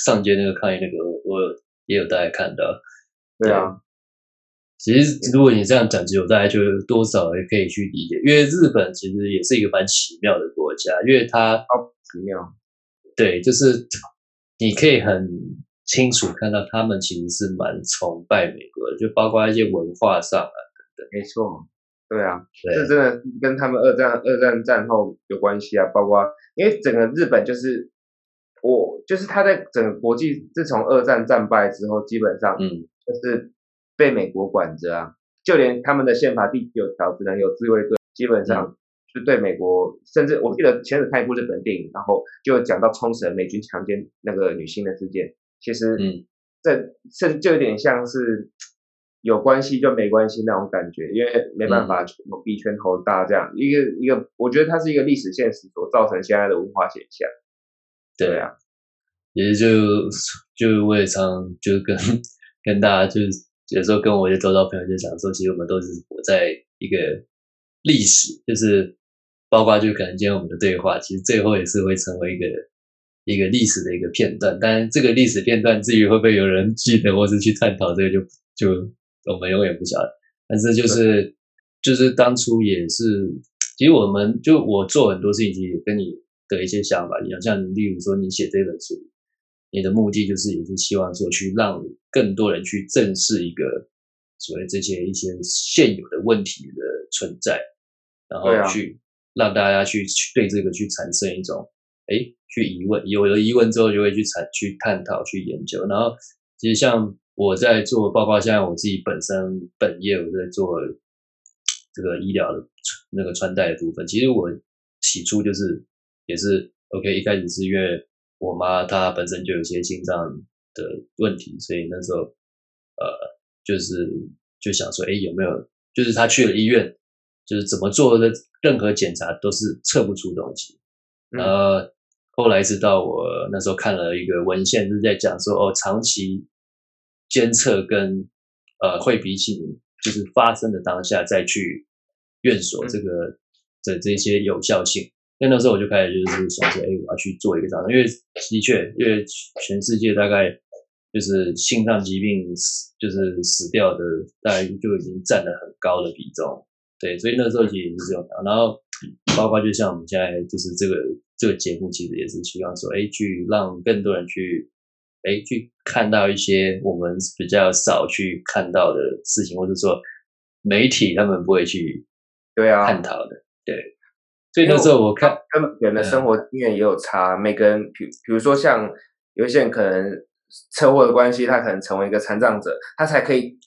上街那個抗議那個我，我也有大概看到。嗯、對，對啊，其實如果你這樣講，就有大家就多少也可以去理解，因為日本其實也是一個蠻奇妙的國家，因為它哦，奇妙，對，就是你可以很。清楚看到他們其實是蠻崇拜美國的，就包括一些文化上啊等等。沒錯，對啊，這對真的跟他們二戰二戰戰後有關係啊，包括因為整個日本就是我就是他在整個國際，自從二戰戰敗之後，基本上嗯就是被美國管着啊，就連他們的憲法第九條只能有自衛隊，基本上就對美國，嗯，甚至我記得前天看一部日本電影，然後就講到沖繩美軍強奸那個女性的事件。其實，嗯，這這就有點像是有關係就沒關係那種感覺，因為沒辦法、嗯、比拳頭大這樣。一個一個，我覺得它是一個歷史現實所造成現在的文化現象。對,對啊，其實就就我也常就跟跟大家就是有時候跟我的周遭朋友就講說，其實我們都是活在一個歷史，就是包括就可能今天我們的對話，其實最後也是會成為一個。一個歷史的一個片段，當然這個歷史片段至於會不會有人記得，或是去探討這個就，就就我們永遠不曉得。但是就是對就是當初也是，其實我們就我做很多事情，其實也跟你的一些想法一樣。像例如說，你寫這本書，你的目的就是也是希望說去讓更多人去正視一個所謂這些一些現有的問題的存在，然後去、啊、讓大家去對這個去產生一種哎。誒去疑問，有了疑問之後就會去產去探討、去研究。然後，其實像我在做包括現在我自己本身本業我在做這個醫療的、那個穿戴的部分。其實我起初就是也是 OK，一開始是因為我媽她本身就有些心臟的問題，所以那時候呃，就是就想說，誒，有沒有？就是她去了醫院，就是怎麼做的任何檢查都是測不出東西，呃。嗯後來直到我那時候看了一個文獻，是在講說哦，長期監測跟呃，會比起就是發生的當下再去院所這個的這些有效性。那那時候我就開始就是想說，哎、欸，我要去做一個這樣，因為的確，因為全世界大概就是心臟疾病死就是死掉的，大概就已經占了很高的比重。對，所以那時候其實也是這樣。然後，包括就像我們現在就是這個。這個節目其實也是希望說，哎，去讓更多人去，哎，去看到一些我們比較少去看到的事情，或者說媒體他們不會去對啊探討的。對，啊、對，所以那時候我看，他們人的生活經驗也有差，嗯、每個人，比比如說像有一些人可能車禍的關係，他可能成為一個殘障者，他才可以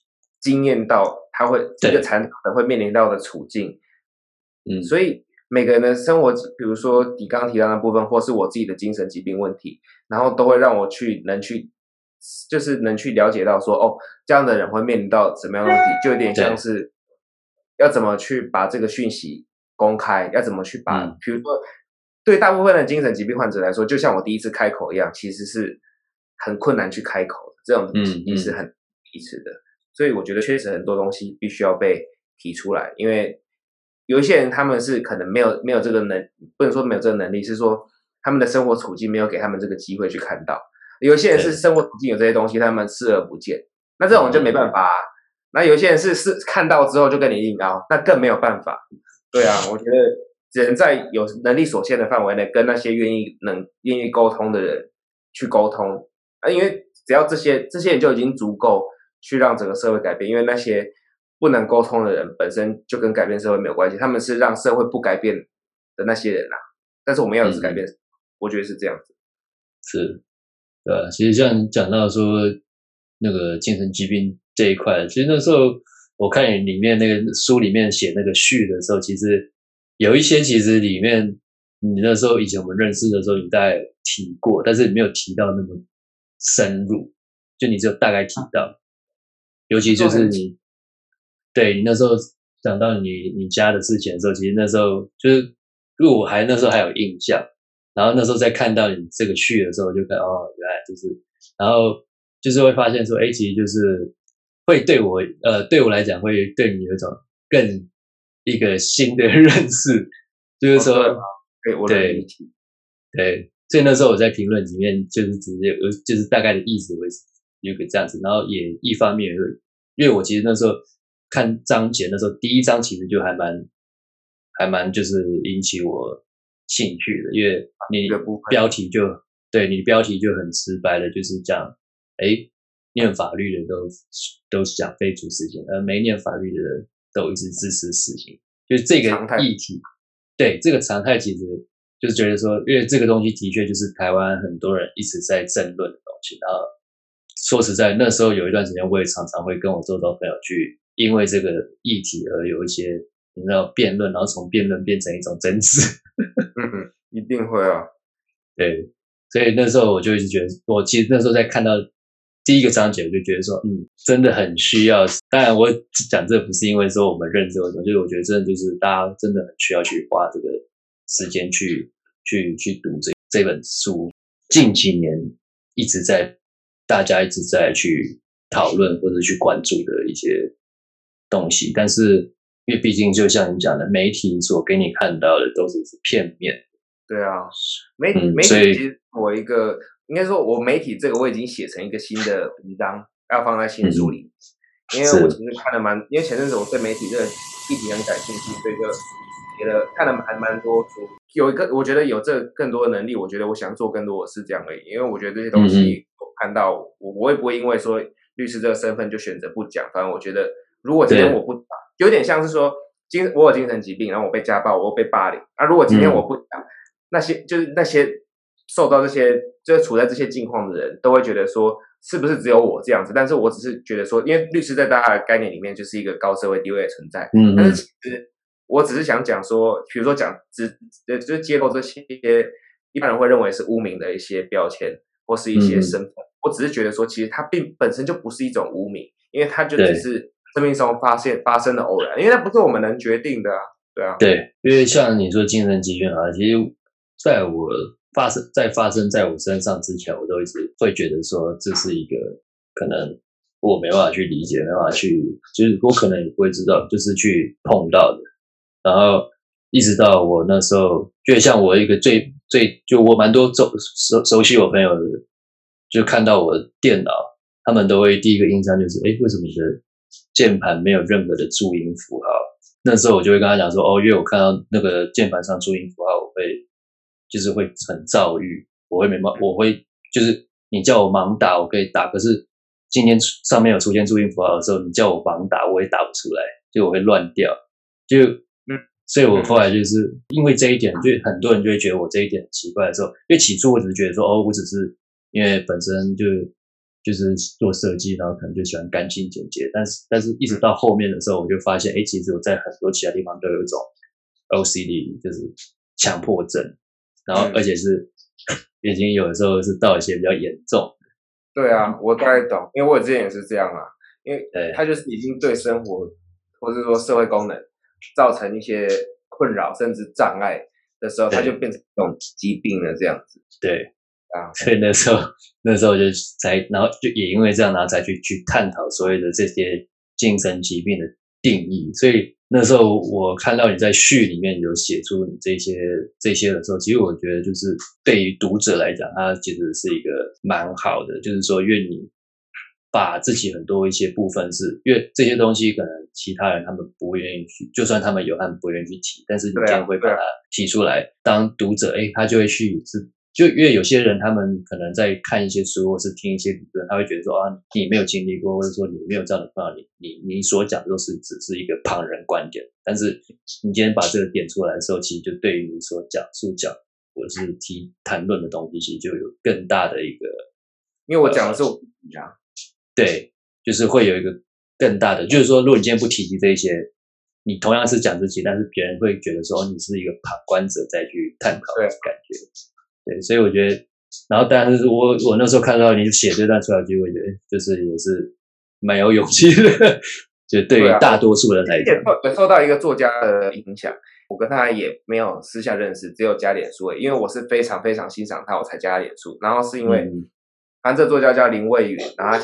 經驗到他會對一個殘可能會面臨到的處境。嗯，所以。每個人的生活，比如說你剛剛提到的部分，或是我自己的精神疾病問題，然後都會讓我去能去，就是能去了解到說，哦，這樣的人會面臨到什麼樣的問題，就有點像是對要怎麼去把這個訊息公開，要怎麼去把，嗯、比如說對大部分的精神疾病患者來說，就像我第一次開口一樣，其實是很困難去開口的，這種嗯是很第一次的，嗯嗯所以我覺得確實很多東西必須要被提出來，因為。有一些人他們是可能沒有沒有這個能，不能說沒有這個能力，是說他們的生活處境沒有給他們這個機會去看到。有一些人是生活處境有這些東西，他們視而不見，那這種就沒辦法啊。嗯，那有些人是是看到之後就跟你硬剛，那更沒有辦法。對啊，我覺得只能在有能力所限的範圍內，跟那些願意能願意溝通的人去溝通啊，因為只要這些這些人就已經足夠去讓整個社會改變，因為那些。不能溝通的人本身就跟改變社會沒有關係，他們是讓社會不改變的那些人吶、啊。但是我們要的是改變，嗯、我覺得是這樣子，是，對、啊、其實像你講到說那個精神疾病這一塊，其實那時候我看你裡面那個書裡面寫那個序的時候，其實有一些其實裡面你那時候以前我們認識的時候，你大概有提過，但是你沒有提到那麼深入，就你只有大概提到，啊、尤其就是你。對，你那時候講到你你家的事情的時候，其實那時候就是，如果我還那時候還有印象，嗯、然後那時候再看到你這個去的時候，就看哦，原來就是，然後就是會發現說，哎，其實就是會對我，呃，對我來講會對你有一種更一個新的認識，嗯、就是說，哦、對，對，對，所以那時候我在評論裡面就是直接就是大概的意思會有個這樣子，然後也一方面會，因為我其實那時候。看章節的時候，第一章其實就還蠻還蠻，就是引起我興趣的，因為你標題就，對，你的標題就很直白的，就是講，哎，念法律的人都都是講廢除死刑，而沒念法律的人都一直支持死刑，就是這個議題，常態。對這個常態，其實就是覺得說，因為這個東西的確就是台灣很多人一直在爭論的東西。然後說實在，那時候有一段時間，我也常常會跟我周遭朋友去。因為這個議題而有一些你知道辯論，然後從辯論變成一種爭執、 *laughs* 嗯，一定會啊，對，所以那時候我就一直覺得，我其實那時候在看到第一個章節，我就覺得說，嗯，真的很需要。當然，我講這不是因為說我們認知個什麼，就是我覺得真的就是大家真的很需要去花這個時間去去去讀這這本書。近幾年一直在大家一直在去討論或者去關注的一些。東西，但是因為畢竟就像你講的，媒體所給你看到的都是片面的，對啊，媒體、嗯、媒體，我一個應該說，我媒體這個我已經寫成一個新的文章，要放在新書裡。嗯、因為我其實看的蠻，是因為前陣子我對媒體這個議題很感興趣，所以就覺得看的還蠻多。有一個，我覺得有這更多的能力，我覺得我想做更多的事這樣而已。因為我覺得這些東西我看到，嗯、哼我我也不會因為說律師這個身份就選擇不講，反正我覺得。如果今天我不講，有點像是說精，我有精神疾病，然後我被家暴，我被霸凌啊。如果今天我不講，嗯、那些就是那些受到這些，就是處在這些境況的人，都會覺得說，是不是只有我這樣子？但是我只是覺得說，因為律師在大家的概念裡面就是一個高社會地位的存在，嗯嗯。但是其實我只是想講說，比如說講只呃，就是揭露這些一般人會認為是污名的一些標籤或是一些身份。嗯嗯，我只是覺得說，其實它並本身就不是一種污名，因為它就只是，生命中發現發生的偶然，因為那不是我們能決定的，啊。對啊，對，因為像你說精神疾病啊，其實在我發生在發生在我身上之前，我都一直會覺得說這是一個可能我沒辦法去理解，沒辦法去，就是我可能也不會知道，就是去碰到的。然後一直到我那時候，就像我一個最最就我蠻多走熟熟悉我朋友的，就看到我的電腦，他們都會第一個印象就是，哎，為什麼是？鍵盤沒有任何的注音符號，那時候我就會跟他講說，哦，因為我看到那個鍵盤上注音符號，我會就是會很躁鬱，我會沒盲，我會就是你叫我盲打，我可以打，可是今天上面有出現注音符號的時候，你叫我盲打，我也打不出來，就我會亂掉，就，所以我後來就是因為這一點，就很多人就會覺得我這一點很奇怪的時候，因為起初我只是覺得說，哦，我只是因為本身就。就是做設計，然後可能就喜歡乾淨簡潔，但是但是一直到後面的時候，我就發現，哎、欸，其實我在很多其他地方都有一種 OCD，就是強迫症，然後而且是已經有的時候是到一些比較嚴重。對啊，我大概懂，因為我之前也是這樣嘛，因為他就是已經對生活，或是說社會功能造成一些困擾甚至障礙的時候，他就變成一種疾病了，這樣子。對。啊，Okay. 所以那時候那時候就才，然後就也因為這樣，然後才去去探討所謂的這些精神疾病的定義。所以那時候我看到你在序裡面有寫出你這些這些的時候，其實我覺得就是對於讀者來講，它其實是一個蠻好的，就是說，願你把自己很多一些部分是，是因為這些東西可能其他人他們不願意去，就算他們有，他們不願意去提，但是你將會把它提出來，當讀者哎，他就會去是。就因為有些人，他們可能在看一些書，或是聽一些理論，他會覺得說啊，你沒有經歷過，或者說你沒有這樣的道理，你你你所講的都是只是一個旁人觀點。但是你今天把這個點出來的時候，其實就對於你所講述、講或是提談論的東西，其實就有更大的一個，因為我講的時候，對，就是會有一個更大的，就是說，如果你今天不提及這些，你同樣是講自己，但是別人會覺得說你是一個旁觀者再去探討的感覺。對，所以我覺得，然後，但是我我那時候看到你寫這段出來之後，我覺得，就是也是蠻有勇氣的，就對於大多數人來講，也受到一個作家的影響。我跟他也沒有私下認識，只有加臉書，因為我是非常非常欣賞他，我才加臉書。然後是因為，反正、嗯、這作家叫林蔚宇，然後誒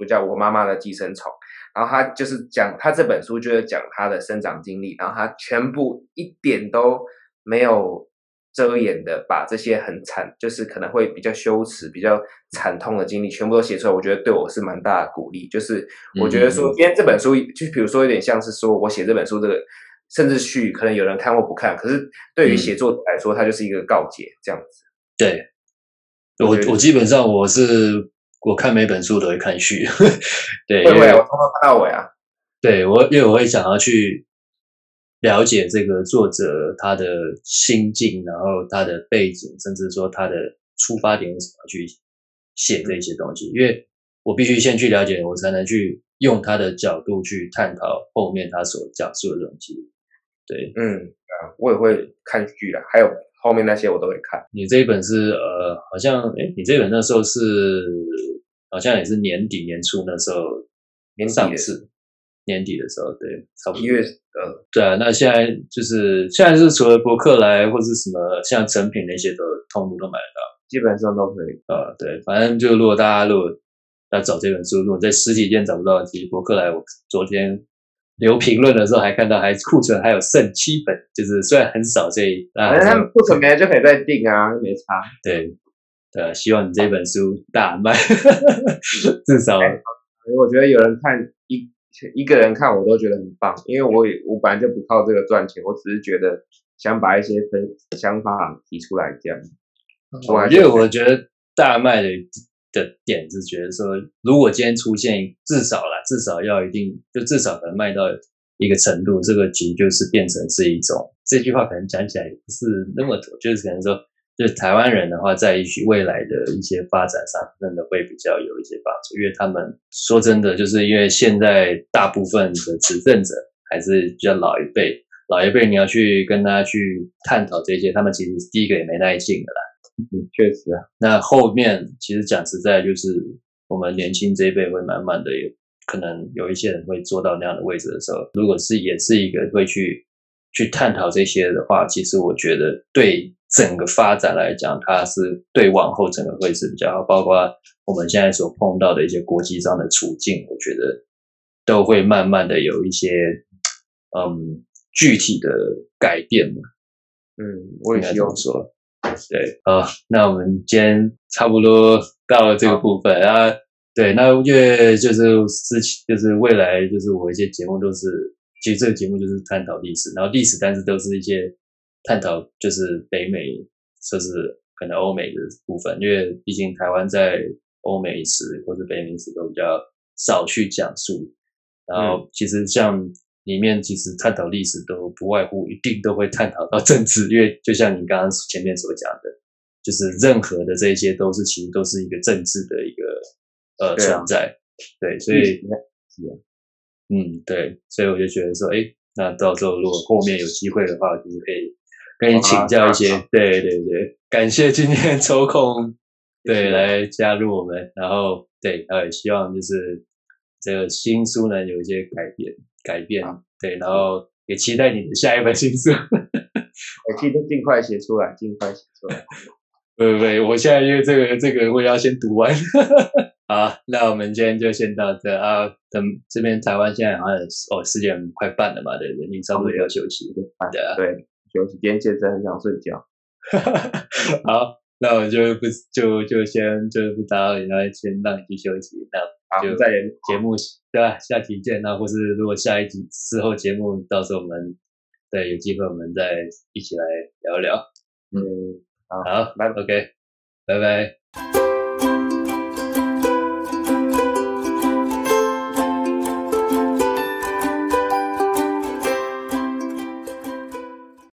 書叫《我媽媽的寄生蟲》，然後他就是講他這本書就是講他的生長經歷，然後他全部一點都沒有。遮掩的把這些很慘，就是可能會比較羞恥、比較慘痛的經歷，全部都寫出來。我覺得對我是蠻大的鼓勵。就是我覺得說，嗯、今天這本書，就比如說有點像是說我寫這本書這個，甚至序，可能有人看或不看，可是對於寫作來說，嗯、它就是一個告誡，這樣子。對，我我基本上我是我看每本書都會看序，對，對因為我從頭看到尾啊。通通對，我因為我會想要去。了解這個作者他的心境，然後他的背景，甚至說他的出發點是什麼去寫這些東西，因為我必須先去了解，我才能去用他的角度去探討後面他所講述的東西。對，嗯，啊，我也會看劇啦，還有後面那些我都會看。你這一本是呃，好像誒你這本那時候是好像也是年底年初那時候，年底的，上次。年底的時候，對，差不多。一月，呃，對啊。那現在就是現在是除了博客來或者什麼像成品那些都通路都買得到，基本上都可以。呃，對，反正就如果大家如果要找這本書，如果在實體店找不到，其實博客來我昨天留評論的時候還看到還庫存還有剩七本，就是雖然很少這一，反正他們庫存沒了就可以再訂啊，沒差。對，對，呃，希望你這本書大賣， *laughs* 至少、okay. 我覺得有人看一。一個人看我都覺得很棒，因為我我本來就不靠這個賺錢，我只是覺得想把一些分想法提出來這樣、嗯。因為我覺得大賣的的點是覺得說，如果今天出現，至少啦，至少要一定，就至少可能賣到一個程度，這個局就是變成是一種。這句話可能講起來也不是那麼多，就是可能說。就台灣人的話，在未來的一些發展上，真的會比較有一些幫助，因為他們說真的，就是因為現在大部分的執政者還是比較老一輩，老一輩你要去跟他去探討這些，他們其實第一個也沒耐性的啦。嗯，確實啊，那後面其實講實在，就是我們年輕這一輩會慢慢的，可能有一些人會坐到那樣的位置的時候，如果是也是一個會去去探討這些的話，其實我覺得對。整個發展來講，它是對往後整個會是比較好，包括我們現在所碰到的一些國際上的處境，我覺得都會慢慢的有一些嗯具體的改變嘛。嗯，我也用應該這麼說。對啊，呃，那我們今天差不多到了這個部分啊，啊。對，那因為就是事情，就是未來，就是我一些節目都是，其實這個節目就是探討歷史，然後歷史但是都是一些。探討就是北美，甚至、就是、可能歐美的部分，因為畢竟台灣在歐美史或者北美史都比較少去講述。然後其實像裡面其實探討歷史都不外乎一定都會探討到政治，因為就像你剛剛前面所講的，就是任何的這些都是其實都是一個政治的一個呃、啊、存在。對，所以是嗯，對，所以我就覺得說，哎、欸，那到時候如果後面有機會的話，就是可以。跟你請教一些，啊、對對對，感謝今天抽空，嗯、對，來加入我們，然後對，呃，希望就是這個新書能有一些改變，改變，啊、對，然後也期待你的下一本新書，我記得盡快寫出來，盡快寫出來。對對對，我現在因為這個這個我也要先讀完。 *laughs* 好，那我們今天就先到這啊，等這邊台灣現在好像哦時間快半了嘛，對對，你差不多也要休息。好的、嗯，對。對有時間健身很想睡覺， *laughs* 好，那我就不就就先就不打擾你了，先讓你去休息。那好就再節目好對吧、啊？下期見。那或是如果下一集之後節目，到時候我們對有機會我們再一起來聊一聊。嗯，好，好拜拜。OK，拜拜。